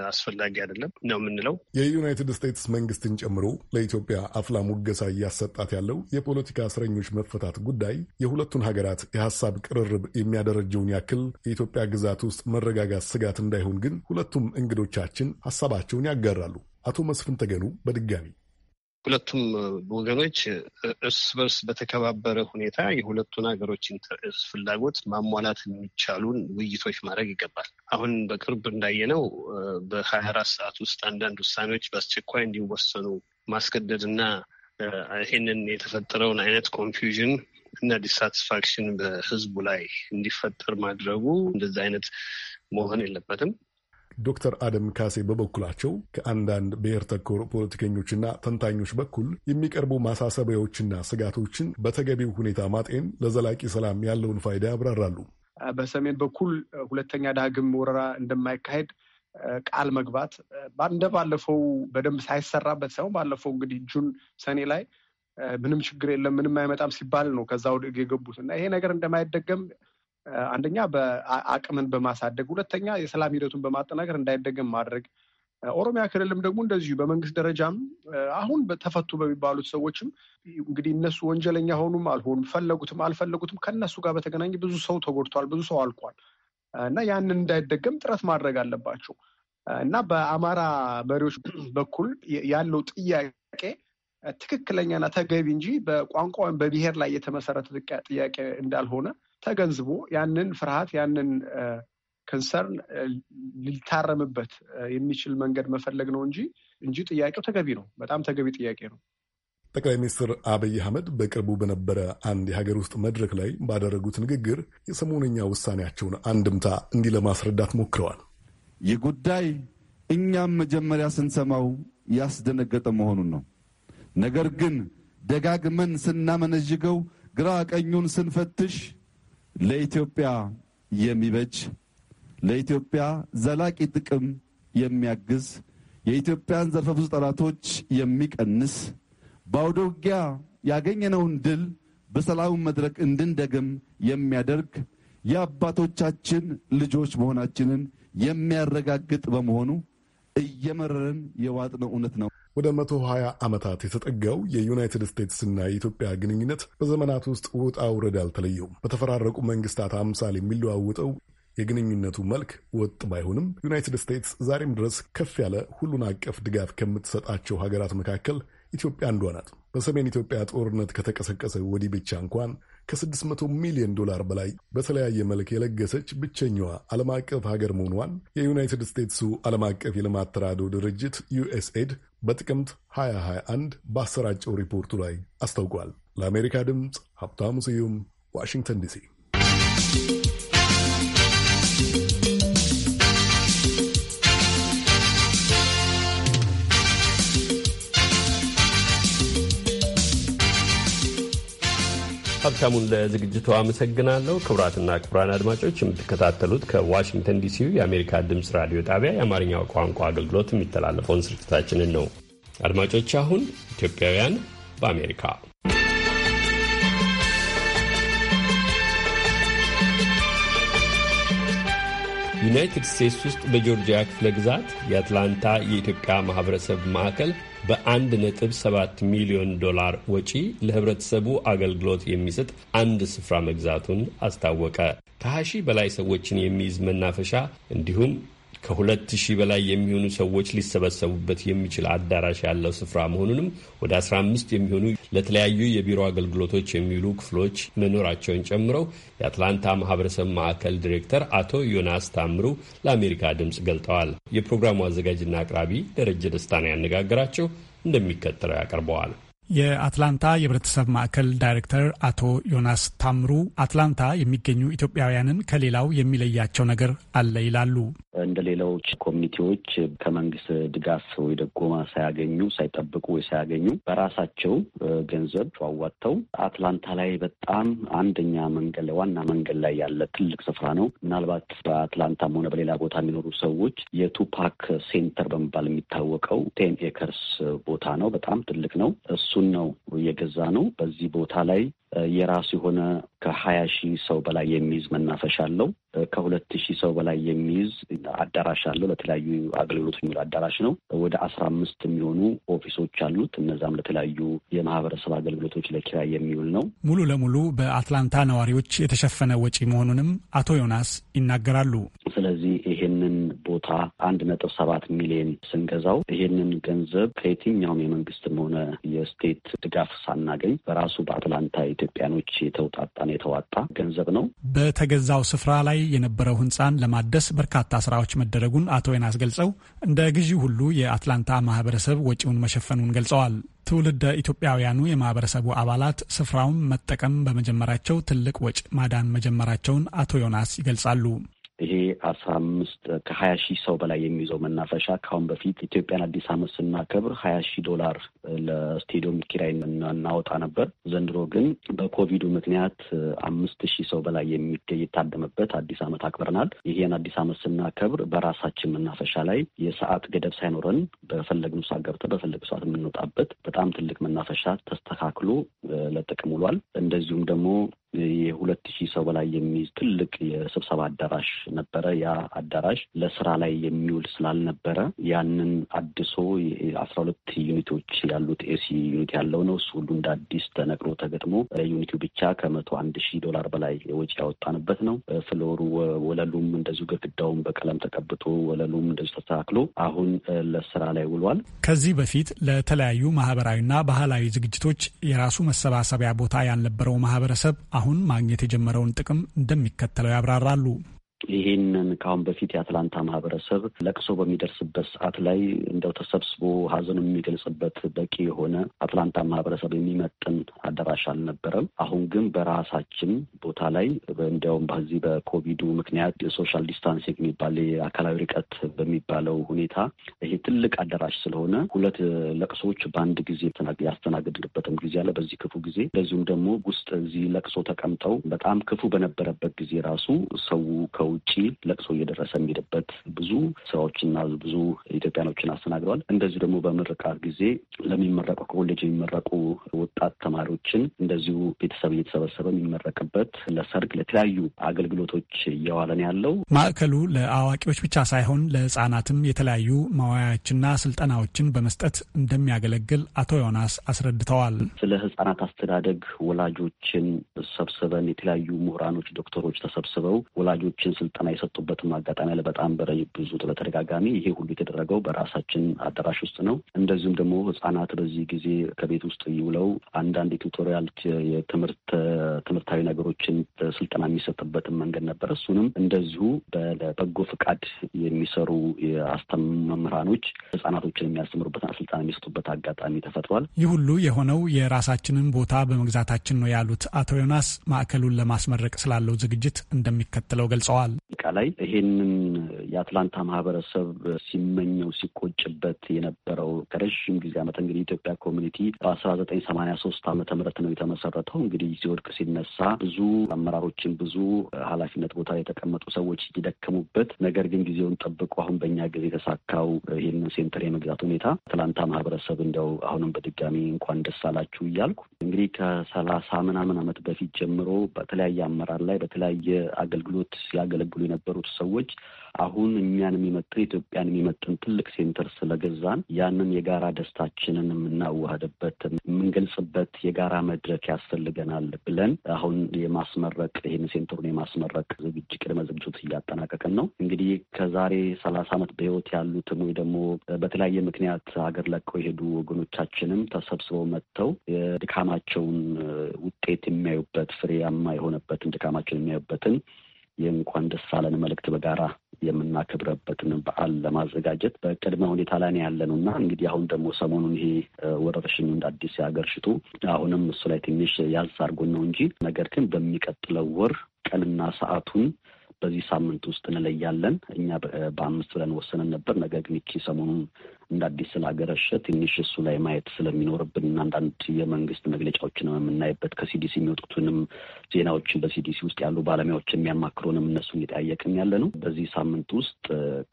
አስፈላጊ አይደለም ነው የምንለው። የዩናይትድ ስቴትስ መንግስትን ጨምሮ ለኢትዮጵያ አፍላ ሙገሳ እያሰጣት ያለው የፖለቲካ እስረኞች መፈታት ጉዳይ የሁለቱን ሀገራት የሀሳብ ቅርርብ የሚያደረጀውን ያክል የኢትዮጵያ ግዛት ውስጥ መረጋጋት ስጋት እንዳይሆን ግን ሁለቱም እንግዶቻችን ሀሳባቸውን ያጋራሉ። አቶ መስፍን ተገኑ በድጋሚ ሁለቱም ወገኖች እርስ በርስ በተከባበረ ሁኔታ የሁለቱን ሀገሮችን ፍላጎት ማሟላት የሚቻሉን ውይይቶች ማድረግ ይገባል። አሁን በቅርብ እንዳየነው በሀያ አራት ሰዓት ውስጥ አንዳንድ ውሳኔዎች በአስቸኳይ እንዲወሰኑ ማስገደድ እና ይህንን የተፈጠረውን አይነት ኮንፊውዥን እና ዲሳቲስፋክሽን በህዝቡ ላይ እንዲፈጠር ማድረጉ እንደዚህ አይነት መሆን የለበትም። ዶክተር አደም ካሴ በበኩላቸው ከአንዳንድ ብሔር ተኮር ፖለቲከኞችና ተንታኞች በኩል የሚቀርቡ ማሳሰቢያዎችና ስጋቶችን በተገቢው ሁኔታ ማጤን ለዘላቂ ሰላም ያለውን ፋይዳ ያብራራሉ። በሰሜን በኩል ሁለተኛ ዳግም ወረራ እንደማይካሄድ ቃል መግባት እንደ ባለፈው በደንብ ሳይሰራበት ሳይሆን ባለፈው እንግዲህ ጁን ሰኔ ላይ ምንም ችግር የለም ምንም አይመጣም ሲባል ነው ከዛ ወደ የገቡት እና ይሄ ነገር እንደማይደገም አንደኛ በአቅምን በማሳደግ ሁለተኛ የሰላም ሂደቱን በማጠናከር እንዳይደገም ማድረግ ኦሮሚያ ክልልም ደግሞ እንደዚሁ በመንግስት ደረጃም አሁን ተፈቱ በሚባሉት ሰዎችም እንግዲህ እነሱ ወንጀለኛ ሆኑም አልሆኑም ፈለጉትም አልፈለጉትም ከእነሱ ጋር በተገናኘ ብዙ ሰው ተጎድቷል፣ ብዙ ሰው አልቋል እና ያንን እንዳይደገም ጥረት ማድረግ አለባቸው እና በአማራ መሪዎች በኩል ያለው ጥያቄ ትክክለኛና ተገቢ እንጂ በቋንቋ ወይም በብሔር ላይ የተመሰረተ ጥያቄ እንዳልሆነ ተገንዝቦ ያንን ፍርሃት ያንን ከንሰርን ሊታረምበት የሚችል መንገድ መፈለግ ነው እንጂ እንጂ ጥያቄው ተገቢ ነው። በጣም ተገቢ ጥያቄ ነው። ጠቅላይ ሚኒስትር አብይ አህመድ በቅርቡ በነበረ አንድ የሀገር ውስጥ መድረክ ላይ ባደረጉት ንግግር የሰሞነኛ ውሳኔያቸውን አንድምታ እንዲህ ለማስረዳት ሞክረዋል። ይህ ጉዳይ እኛም መጀመሪያ ስንሰማው ያስደነገጠ መሆኑን ነው። ነገር ግን ደጋግመን ስናመነዥገው፣ ግራ ቀኙን ስንፈትሽ ለኢትዮጵያ የሚበጅ ለኢትዮጵያ ዘላቂ ጥቅም የሚያግዝ የኢትዮጵያን ዘርፈ ብዙ ጠላቶች የሚቀንስ በአውደ ውጊያ ያገኘነውን ድል በሰላም መድረክ እንድንደግም የሚያደርግ የአባቶቻችን ልጆች መሆናችንን የሚያረጋግጥ በመሆኑ እየመረረን የዋጥነው እውነት ነው። ወደ 120 ዓመታት የተጠጋው የዩናይትድ ስቴትስና የኢትዮጵያ ግንኙነት በዘመናት ውስጥ ውጣ ውረድ አልተለየውም። በተፈራረቁ መንግስታት አምሳል የሚለዋውጠው የግንኙነቱ መልክ ወጥ ባይሆንም ዩናይትድ ስቴትስ ዛሬም ድረስ ከፍ ያለ ሁሉን አቀፍ ድጋፍ ከምትሰጣቸው ሀገራት መካከል ኢትዮጵያ አንዷ ናት። በሰሜን ኢትዮጵያ ጦርነት ከተቀሰቀሰ ወዲህ ብቻ እንኳን ከ600 ሚሊዮን ዶላር በላይ በተለያየ መልክ የለገሰች ብቸኛዋ ዓለም አቀፍ ሀገር መሆኗን የዩናይትድ ስቴትሱ ዓለም አቀፍ የልማት ተራድኦ ድርጅት ዩኤስኤድ በጥቅምት 2021 ባሰራጨው ሪፖርቱ ላይ አስታውቋል። ለአሜሪካ ድምፅ ሀብታሙ ስዩም ዋሽንግተን ዲሲ ሀብታሙን ለዝግጅቱ አመሰግናለሁ። ክቡራትና ክቡራን አድማጮች የምትከታተሉት ከዋሽንግተን ዲሲው የአሜሪካ ድምፅ ራዲዮ ጣቢያ የአማርኛው ቋንቋ አገልግሎት የሚተላለፈውን ስርጭታችንን ነው። አድማጮች አሁን ኢትዮጵያውያን በአሜሪካ ዩናይትድ ስቴትስ ውስጥ በጆርጂያ ክፍለ ግዛት የአትላንታ የኢትዮጵያ ማህበረሰብ ማዕከል በ1.7 ሚሊዮን ዶላር ወጪ ለህብረተሰቡ አገልግሎት የሚሰጥ አንድ ስፍራ መግዛቱን አስታወቀ። ከ20 ሺህ በላይ ሰዎችን የሚይዝ መናፈሻ እንዲሁም ከሁለት ሺህ በላይ የሚሆኑ ሰዎች ሊሰበሰቡበት የሚችል አዳራሽ ያለው ስፍራ መሆኑንም ወደ 15 የሚሆኑ ለተለያዩ የቢሮ አገልግሎቶች የሚውሉ ክፍሎች መኖራቸውን ጨምረው የአትላንታ ማህበረሰብ ማዕከል ዲሬክተር አቶ ዮናስ ታምሩ ለአሜሪካ ድምፅ ገልጠዋል። የፕሮግራሙ አዘጋጅና አቅራቢ ደረጀ ደስታ ነው ያነጋገራቸው፣ እንደሚከተለው ያቀርበዋል። የአትላንታ የህብረተሰብ ማዕከል ዳይሬክተር አቶ ዮናስ ታምሩ አትላንታ የሚገኙ ኢትዮጵያውያንን ከሌላው የሚለያቸው ነገር አለ ይላሉ። እንደ ቦታዎች፣ ኮሚኒቲዎች ከመንግስት ድጋፍ ወይ ደጎማ ሳያገኙ ሳይጠብቁ ወይ ሳያገኙ በራሳቸው ገንዘብ አዋጥተው አትላንታ ላይ በጣም አንደኛ መንገድ ላይ ዋና መንገድ ላይ ያለ ትልቅ ስፍራ ነው። ምናልባት በአትላንታም ሆነ በሌላ ቦታ የሚኖሩ ሰዎች የቱፓክ ሴንተር በመባል የሚታወቀው ቴን ኤከርስ ቦታ ነው። በጣም ትልቅ ነው። እሱን ነው የገዛ ነው። በዚህ ቦታ ላይ የራሱ የሆነ ከሀያ ሺህ ሰው በላይ የሚይዝ መናፈሻ አለው። ከሁለት ሺህ ሰው በላይ የሚይዝ አዳራሽ አለው። ለተለያዩ አገልግሎት የሚውል አዳራሽ ነው። ወደ አስራ አምስት የሚሆኑ ኦፊሶች አሉት። እነዛም ለተለያዩ የማህበረሰብ አገልግሎቶች ለኪራይ የሚውል ነው። ሙሉ ለሙሉ በአትላንታ ነዋሪዎች የተሸፈነ ወጪ መሆኑንም አቶ ዮናስ ይናገራሉ። ስለዚህ ቦታ አንድ ነጥብ ሰባት ሚሊዮን ስንገዛው ይሄንን ገንዘብ ከየትኛውም የመንግስትም ሆነ የስቴት ድጋፍ ሳናገኝ በራሱ በአትላንታ ኢትዮጵያኖች የተውጣጣን የተዋጣ ገንዘብ ነው። በተገዛው ስፍራ ላይ የነበረው ህንፃን ለማደስ በርካታ ስራዎች መደረጉን አቶ ወይናስ ገልጸው እንደ ግዢ ሁሉ የአትላንታ ማህበረሰብ ወጪውን መሸፈኑን ገልጸዋል። ትውልደ ኢትዮጵያውያኑ የማህበረሰቡ አባላት ስፍራውን መጠቀም በመጀመራቸው ትልቅ ወጪ ማዳን መጀመራቸውን አቶ ዮናስ ይገልጻሉ። ይሄ ከአስራ አምስት ከሀያ ሺህ ሰው በላይ የሚይዘው መናፈሻ ከአሁን በፊት ኢትዮጵያን አዲስ አመት ስናከብር ሀያ ሺህ ዶላር ለስቴዲየም ኪራይ እናወጣ ነበር። ዘንድሮ ግን በኮቪዱ ምክንያት አምስት ሺህ ሰው በላይ የሚገኝ የታደመበት አዲስ ዓመት አክብረናል። ይሄን አዲስ አመት ስናከብር በራሳችን መናፈሻ ላይ የሰዓት ገደብ ሳይኖረን በፈለግነው ሰዓት ገብተን በፈለግነው ሰዓት የምንወጣበት በጣም ትልቅ መናፈሻ ተስተካክሎ ለጥቅም ውሏል። እንደዚሁም ደግሞ የሁለት ሺህ ሰው በላይ የሚይዝ ትልቅ የስብሰባ አዳራሽ ነበረ። ያ አዳራሽ ለስራ ላይ የሚውል ስላልነበረ ያንን አድሶ አስራ ሁለት ዩኒቶች ያሉት ኤሲ ዩኒት ያለው ነው። እሱ ሁሉ እንደ አዲስ ተነቅሎ ተገጥሞ ዩኒቲው ብቻ ከመቶ አንድ ሺህ ዶላር በላይ ወጪ ያወጣንበት ነው። ፍሎሩ ወለሉም እንደዚሁ ግድግዳውም በቀለም ተቀብቶ ወለሉም እንደዚሁ ተስተካክሎ አሁን ለስራ ላይ ውሏል። ከዚህ በፊት ለተለያዩ ማህበራዊና ባህላዊ ዝግጅቶች የራሱ መሰባሰቢያ ቦታ ያልነበረው ማህበረሰብ አሁን ማግኘት የጀመረውን ጥቅም እንደሚከተለው ያብራራሉ። ይህንን ከአሁን በፊት የአትላንታ ማህበረሰብ ለቅሶ በሚደርስበት ሰዓት ላይ እንደው ተሰብስቦ ሀዘን የሚገልጽበት በቂ የሆነ አትላንታ ማህበረሰብ የሚመጥን አዳራሽ አልነበረም። አሁን ግን በራሳችን ቦታ ላይ እንዲያውም በዚህ በኮቪዱ ምክንያት የሶሻል ዲስታንሲንግ የሚባል የአካላዊ ርቀት በሚባለው ሁኔታ ይሄ ትልቅ አዳራሽ ስለሆነ ሁለት ለቅሶዎች በአንድ ጊዜ ያስተናግድበትም ጊዜ አለ። በዚህ ክፉ ጊዜ እንደዚሁም ደግሞ ውስጥ እዚህ ለቅሶ ተቀምጠው በጣም ክፉ በነበረበት ጊዜ ራሱ ሰው ከ ውጭ ለቅሶ እየደረሰ የሚሄድበት ብዙ ስራዎችና ብዙ ኢትዮጵያኖችን አስተናግረዋል። እንደዚሁ ደግሞ በምርቃት ጊዜ ለሚመረቁ ከኮሌጅ የሚመረቁ ወጣት ተማሪዎችን እንደዚሁ ቤተሰብ እየተሰበሰበ የሚመረቅበት ለሰርግ፣ ለተለያዩ አገልግሎቶች እየዋለን ያለው ማዕከሉ ለአዋቂዎች ብቻ ሳይሆን ለህጻናትም የተለያዩ ማዋያዎችና ስልጠናዎችን በመስጠት እንደሚያገለግል አቶ ዮናስ አስረድተዋል። ስለ ህጻናት አስተዳደግ ወላጆችን ሰብስበን የተለያዩ ምሁራኖች፣ ዶክተሮች ተሰብስበው ወላጆችን ስልጠና የሰጡበትም አጋጣሚ አለ። በጣም ብዙ በተደጋጋሚ ይሄ ሁሉ የተደረገው በራሳችን አዳራሽ ውስጥ ነው። እንደዚሁም ደግሞ ህጻናት በዚህ ጊዜ ከቤት ውስጥ ይውለው አንዳንድ የቱቶሪያል የትምህርት ትምህርታዊ ነገሮችን ስልጠና የሚሰጥበትን መንገድ ነበር። እሱንም እንደዚሁ በበጎ ፍቃድ የሚሰሩ የአስተመምህራኖች ህጻናቶችን የሚያስተምሩበትና ስልጠና የሚሰጡበት አጋጣሚ ተፈጥሯል። ይህ ሁሉ የሆነው የራሳችንን ቦታ በመግዛታችን ነው ያሉት አቶ ዮናስ ማዕከሉን ለማስመረቅ ስላለው ዝግጅት እንደሚከተለው ገልጸዋል። ገልጸዋል። ቃላይ ይሄንን የአትላንታ ማህበረሰብ ሲመኘው ሲቆጭበት የነበረው ከረዥም ጊዜ ዓመት እንግዲህ ኢትዮጵያ ኮሚኒቲ በአስራ ዘጠኝ ሰማንያ ሶስት ዓመተ ምህረት ነው የተመሰረተው። እንግዲህ ሲወድቅ ሲነሳ ብዙ አመራሮችን ብዙ ኃላፊነት ቦታ የተቀመጡ ሰዎች ይደከሙበት፣ ነገር ግን ጊዜውን ጠብቆ አሁን በእኛ ጊዜ የተሳካው ይህንን ሴንተር የመግዛት ሁኔታ አትላንታ ማህበረሰብ እንደው አሁንም በድጋሚ እንኳን ደስ አላችሁ እያልኩ እንግዲህ ከሰላሳ ምናምን ዓመት በፊት ጀምሮ በተለያየ አመራር ላይ በተለያየ አገልግሎት ሲያገ ሲያገለግሉ የነበሩት ሰዎች አሁን እኛን የሚመጥን ኢትዮጵያን የሚመጥን ትልቅ ሴንተር ስለገዛን ያንን የጋራ ደስታችንን የምናዋህድበት የምንገልጽበት የጋራ መድረክ ያስፈልገናል ብለን አሁን የማስመረቅ ይህን ሴንተሩን የማስመረቅ ዝግጅ ቅድመ ዝግጅት እያጠናቀቅን ነው። እንግዲህ ከዛሬ ሰላሳ ዓመት በህይወት ያሉትን ወይ ደግሞ በተለያየ ምክንያት ሀገር ለቀው የሄዱ ወገኖቻችንም ተሰብስበው መጥተው የድካማቸውን ውጤት የሚያዩበት ፍሬያማ የሆነበትን ድካማቸውን የሚያዩበትን የእንኳን ደስ አለን መልእክት በጋራ የምናከብረበትን በዓል ለማዘጋጀት በቅድመ ሁኔታ ላይ ነው ያለ ነው እና እንግዲህ አሁን ደግሞ ሰሞኑን ይሄ ወረርሽኙ እንደ አዲስ የሀገር ሽቱ አሁንም እሱ ላይ ትንሽ ያልስ አድርጎን ነው እንጂ ነገር ግን በሚቀጥለው ወር ቀንና ሰዓቱን በዚህ ሳምንት ውስጥ እንለያለን። እኛ በአምስት ብለን ወሰነን ነበር። ነገር ግን ይቺ ሰሞኑን እንደ አዲስ ስላገረሸ ትንሽ እሱ ላይ ማየት ስለሚኖርብን አንዳንድ የመንግስት መግለጫዎችን የምናይበት ከሲዲሲ የሚወጡትንም ዜናዎችን በሲዲሲ ውስጥ ያሉ ባለሙያዎች የሚያማክሩንም እነሱን እየጠያየቅን ያለ ነው። በዚህ ሳምንት ውስጥ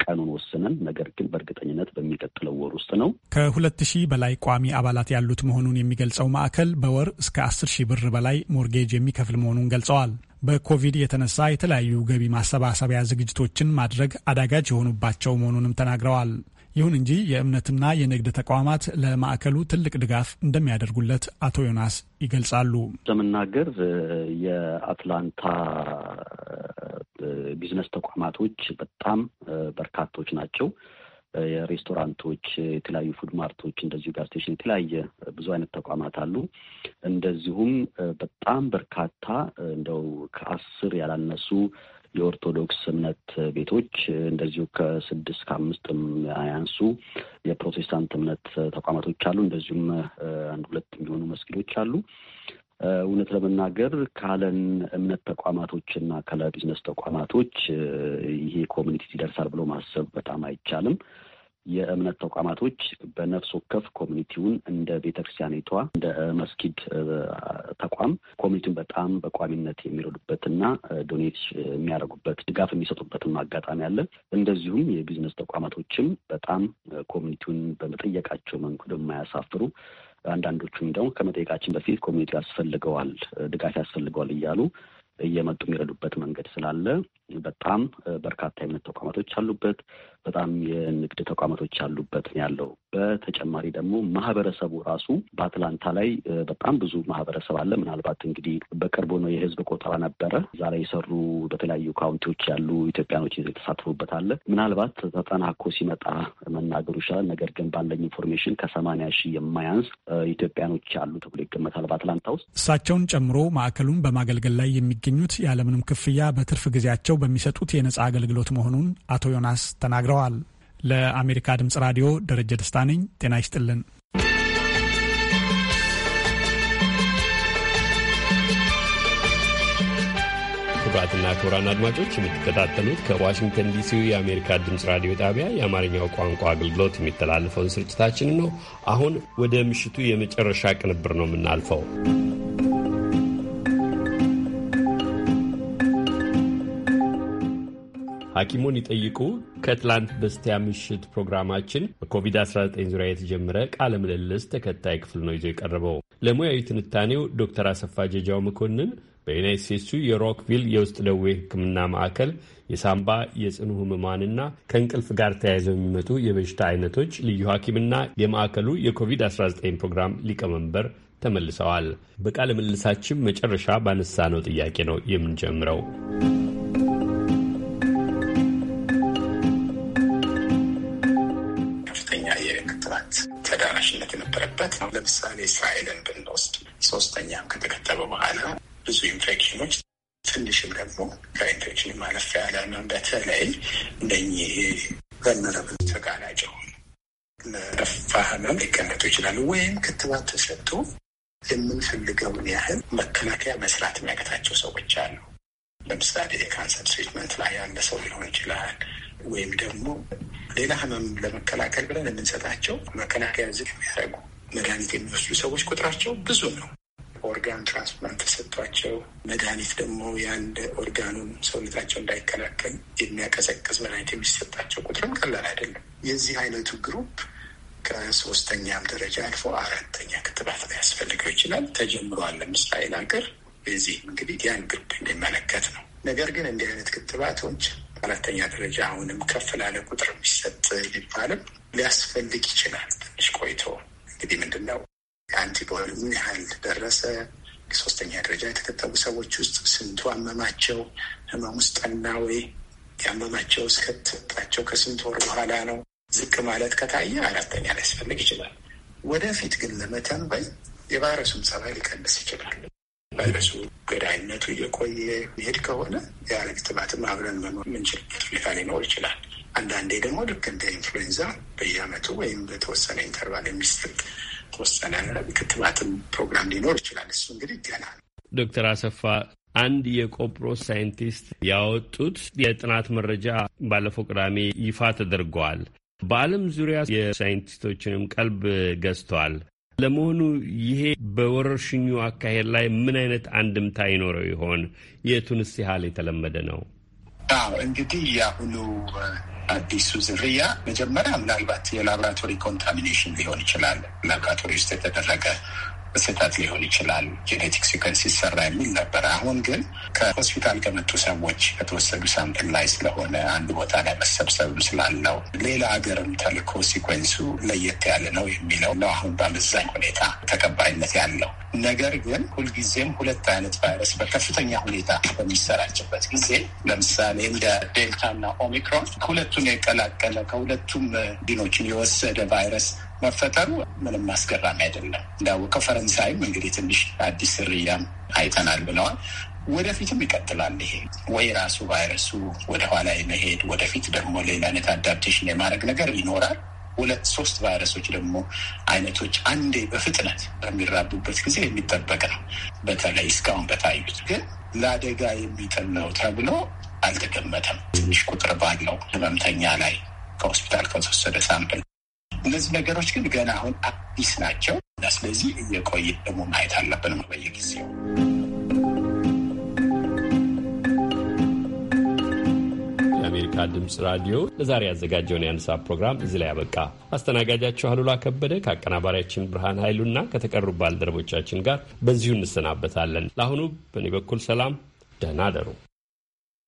ቀኑን ወስነን፣ ነገር ግን በእርግጠኝነት በሚቀጥለው ወር ውስጥ ነው። ከሁለት ሺህ በላይ ቋሚ አባላት ያሉት መሆኑን የሚገልጸው ማዕከል በወር እስከ አስር ሺህ ብር በላይ ሞርጌጅ የሚከፍል መሆኑን ገልጸዋል። በኮቪድ የተነሳ የተለያዩ ገቢ ማሰባሰቢያ ዝግጅቶችን ማድረግ አዳጋጅ የሆኑባቸው መሆኑንም ተናግረዋል። ይሁን እንጂ የእምነትና የንግድ ተቋማት ለማዕከሉ ትልቅ ድጋፍ እንደሚያደርጉለት አቶ ዮናስ ይገልጻሉ። ለመናገር የአትላንታ ቢዝነስ ተቋማቶች በጣም በርካቶች ናቸው። የሬስቶራንቶች፣ የተለያዩ ፉድ ማርቶች፣ እንደዚሁ ጋር ስቴሽን፣ የተለያየ ብዙ አይነት ተቋማት አሉ። እንደዚሁም በጣም በርካታ እንደው ከአስር ያላነሱ የኦርቶዶክስ እምነት ቤቶች እንደዚሁ ከስድስት ከአምስትም አያንሱ የፕሮቴስታንት እምነት ተቋማቶች አሉ። እንደዚሁም አንድ ሁለት የሚሆኑ መስጊዶች አሉ። እውነት ለመናገር ካለን እምነት ተቋማቶች እና ካለ ቢዝነስ ተቋማቶች ይሄ ኮሚኒቲ ይደርሳል ብሎ ማሰብ በጣም አይቻልም። የእምነት ተቋማቶች በነፍስ ወከፍ ኮሚኒቲውን እንደ ቤተክርስቲያኒቷ እንደ መስጊድ ተቋም ኮሚኒቲውን በጣም በቋሚነት የሚረዱበት እና ዶኔት የሚያደርጉበት ድጋፍ የሚሰጡበትም አጋጣሚ አለ። እንደዚሁም የቢዝነስ ተቋማቶችም በጣም ኮሚኒቲውን በመጠየቃቸው መንገድ የማያሳፍሩ አንዳንዶቹም ደግሞ ከመጠየቃችን በፊት ኮሚኒቲ ያስፈልገዋል፣ ድጋፍ ያስፈልገዋል እያሉ እየመጡ የሚረዱበት መንገድ ስላለ በጣም በርካታ የእምነት ተቋማቶች አሉበት፣ በጣም የንግድ ተቋማቶች አሉበት ያለው። በተጨማሪ ደግሞ ማህበረሰቡ ራሱ በአትላንታ ላይ በጣም ብዙ ማህበረሰብ አለ። ምናልባት እንግዲህ በቅርቡ ነው የህዝብ ቆጠራ ነበረ። እዛ ላይ የሰሩ በተለያዩ ካውንቲዎች ያሉ ኢትዮጵያኖች የተሳተፉበት አለ። ምናልባት ተጠናኮ ሲመጣ መናገሩ ይሻላል። ነገር ግን ባለኝ ኢንፎርሜሽን ከሰማንያ ሺህ የማያንስ ኢትዮጵያኖች አሉ ተብሎ ይገመታል በአትላንታ ውስጥ እሳቸውን ጨምሮ ማዕከሉን በማገልገል ላይ የሚገኙት ያለምንም ክፍያ በትርፍ ጊዜያቸው በሚሰጡት የነጻ አገልግሎት መሆኑን አቶ ዮናስ ተናግረዋል። ለአሜሪካ ድምጽ ራዲዮ ደረጀ ደስታ ነኝ። ጤና ይስጥልን። ክቡራትና ክቡራን አድማጮች የምትከታተሉት ከዋሽንግተን ዲሲ የአሜሪካ ድምፅ ራዲዮ ጣቢያ የአማርኛው ቋንቋ አገልግሎት የሚተላለፈውን ስርጭታችን ነው። አሁን ወደ ምሽቱ የመጨረሻ ቅንብር ነው የምናልፈው። ሐኪሙን ይጠይቁ ከትላንት በስቲያ ምሽት ፕሮግራማችን በኮቪድ-19 ዙሪያ የተጀመረ ቃለ ምልልስ ተከታይ ክፍል ነው ይዞ የቀረበው። ለሙያዊ ትንታኔው ዶክተር አሰፋ ጀጃው መኮንን በዩናይት ስቴትሱ የሮክቪል የውስጥ ደዌ ሕክምና ማዕከል የሳምባ የጽኑ ህሙማንና ከእንቅልፍ ጋር ተያይዘው የሚመጡ የበሽታ አይነቶች ልዩ ሐኪምና የማዕከሉ የኮቪድ-19 ፕሮግራም ሊቀመንበር ተመልሰዋል። በቃለ ምልልሳችን መጨረሻ ባነሳ ነው ጥያቄ ነው የምንጀምረው። አይነት ተዳራሽነት የነበረበት ለምሳሌ እስራኤልን ብንወስድ ሶስተኛም ከተከተበ በኋላ ብዙ ኢንፌክሽኖች ትንሽም ደግሞ ከኢንፌክሽን ማለፍ ያለ በተለይ እነኚህ ቨልነረብል ተጋላጭ ሆኑ ህመም ሊቀመጡ ይችላሉ። ወይም ክትባት ተሰጥቶ የምንፈልገውን ያህል መከላከያ መስራት የሚያቀታቸው ሰዎች አሉ። ለምሳሌ የካንሰር ትሪትመንት ላይ ያለ ሰው ሊሆን ይችላል። ወይም ደግሞ ሌላ ህመም ለመከላከል ብለን የምንሰጣቸው መከላከያ ዝግ የሚያደርጉ መድኃኒት የሚወስዱ ሰዎች ቁጥራቸው ብዙ ነው። ኦርጋን ትራንስፕላንት ተሰጥቷቸው መድኃኒት ደግሞ የአንድ ኦርጋኑን ሰውነታቸው እንዳይከላከል የሚያቀዘቅዝ መድኃኒት የሚሰጣቸው ቁጥርም ቀላል አይደለም። የዚህ አይነቱ ግሩፕ ከሶስተኛም ደረጃ አልፎ አራተኛ ክትባት ሊያስፈልገው ይችላል። ተጀምሯል። ለምሳሌ ሀገር በዚህ እንግዲህ ያን ግሩፕ እንደሚመለከት ነው። ነገር ግን እንዲህ አይነት ክትባቶች አራተኛ ደረጃ አሁንም ከፍ ላለ ቁጥር የሚሰጥ ቢባልም ሊያስፈልግ ይችላል። ትንሽ ቆይቶ እንግዲህ ምንድን ነው አንቲቦዲ ምን ያህል ደረሰ፣ ሶስተኛ ደረጃ የተከተቡ ሰዎች ውስጥ ስንቱ አመማቸው፣ ህመም ውስጥ ስጠና ወይ ያመማቸው እስከተጣቸው ከስንት ወር በኋላ ነው ዝቅ ማለት ከታየ አራተኛ ሊያስፈልግ ይችላል። ወደፊት ግን ለመተንበይ የቫይረሱን ጸባይ ሊቀንስ ይችላል። ቫይረሱ ገዳይነቱ እየቆየ ሄድ ከሆነ ያለ ክትባትም አብረን መኖር የምንችልበት ሁኔታ ሊኖር ይችላል። አንዳንዴ ደግሞ ልክ እንደ ኢንፍሉዌንዛ በየአመቱ ወይም በተወሰነ ኢንተርቫል የሚሰጥ ተወሰነ ክትባትም ፕሮግራም ሊኖር ይችላል። እሱ እንግዲህ ገና ዶክተር አሰፋ አንድ የቆጵሮስ ሳይንቲስት ያወጡት የጥናት መረጃ ባለፈው ቅዳሜ ይፋ ተደርገዋል። በዓለም ዙሪያ የሳይንቲስቶችንም ቀልብ ገዝተዋል። ለመሆኑ ይሄ በወረርሽኙ አካሄድ ላይ ምን አይነት አንድምታ ይኖረው ይሆን? የቱንስ ያህል የተለመደ ነው? አዎ እንግዲህ የአሁኑ አዲሱ ዝርያ መጀመሪያ ምናልባት የላቦራቶሪ ኮንታሚኔሽን ሊሆን ይችላል። ላብራቶሪ ውስጥ የተደረገ ስህተት ሊሆን ይችላል፣ ጄኔቲክ ሲከንስ ሲሰራ የሚል ነበር። አሁን ግን ከሆስፒታል ከመጡ ሰዎች ከተወሰዱ ሳምፕል ላይ ስለሆነ አንድ ቦታ ላይ መሰብሰብም ስላለው ሌላ ሀገርም ተልኮ ሲኮንሱ ለየት ያለ ነው የሚለው ነው አሁን በአመዛኝ ሁኔታ ተቀባይነት ያለው። ነገር ግን ሁልጊዜም ሁለት አይነት ቫይረስ በከፍተኛ ሁኔታ በሚሰራጭበት ጊዜ ለምሳሌ እንደ ዴልታ እና ኦሚክሮን ሁለቱን የቀላቀለ ከሁለቱም ዲኖችን የወሰደ ቫይረስ መፈጠሩ ምንም አስገራሚ አይደለም። እንዳወቀው ፈረንሳይም እንግዲህ ትንሽ አዲስ ዝርያም አይተናል ብለዋል። ወደፊትም ይቀጥላል። ይሄ ወይ ራሱ ቫይረሱ ወደኋላ የመሄድ ወደፊት ደግሞ ሌላ አይነት አዳፕቴሽን የማድረግ ነገር ይኖራል። ሁለት ሶስት ቫይረሶች ደግሞ አይነቶች አንዴ በፍጥነት በሚራቡበት ጊዜ የሚጠበቅ ነው። በተለይ እስካሁን በታዩት ግን ለአደጋ የሚጥል ነው ተብሎ አልተገመተም። ትንሽ ቁጥር ባለው ህመምተኛ ላይ ከሆስፒታል ከተወሰደ ሳምፕል እነዚህ ነገሮች ግን ገና አሁን አዲስ ናቸው እና ስለዚህ እየቆየ ደግሞ ማየት አለብን ነው በየጊዜው የአሜሪካ ድምፅ ራዲዮ ለዛሬ ያዘጋጀውን የአንሳ ፕሮግራም እዚህ ላይ ያበቃ። አስተናጋጃችሁ አሉላ ከበደ ከአቀናባሪያችን ብርሃን ኃይሉና ከተቀሩ ባልደረቦቻችን ጋር በዚሁ እንሰናበታለን። ለአሁኑ በእኔ በኩል ሰላም፣ ደህና አደሩ።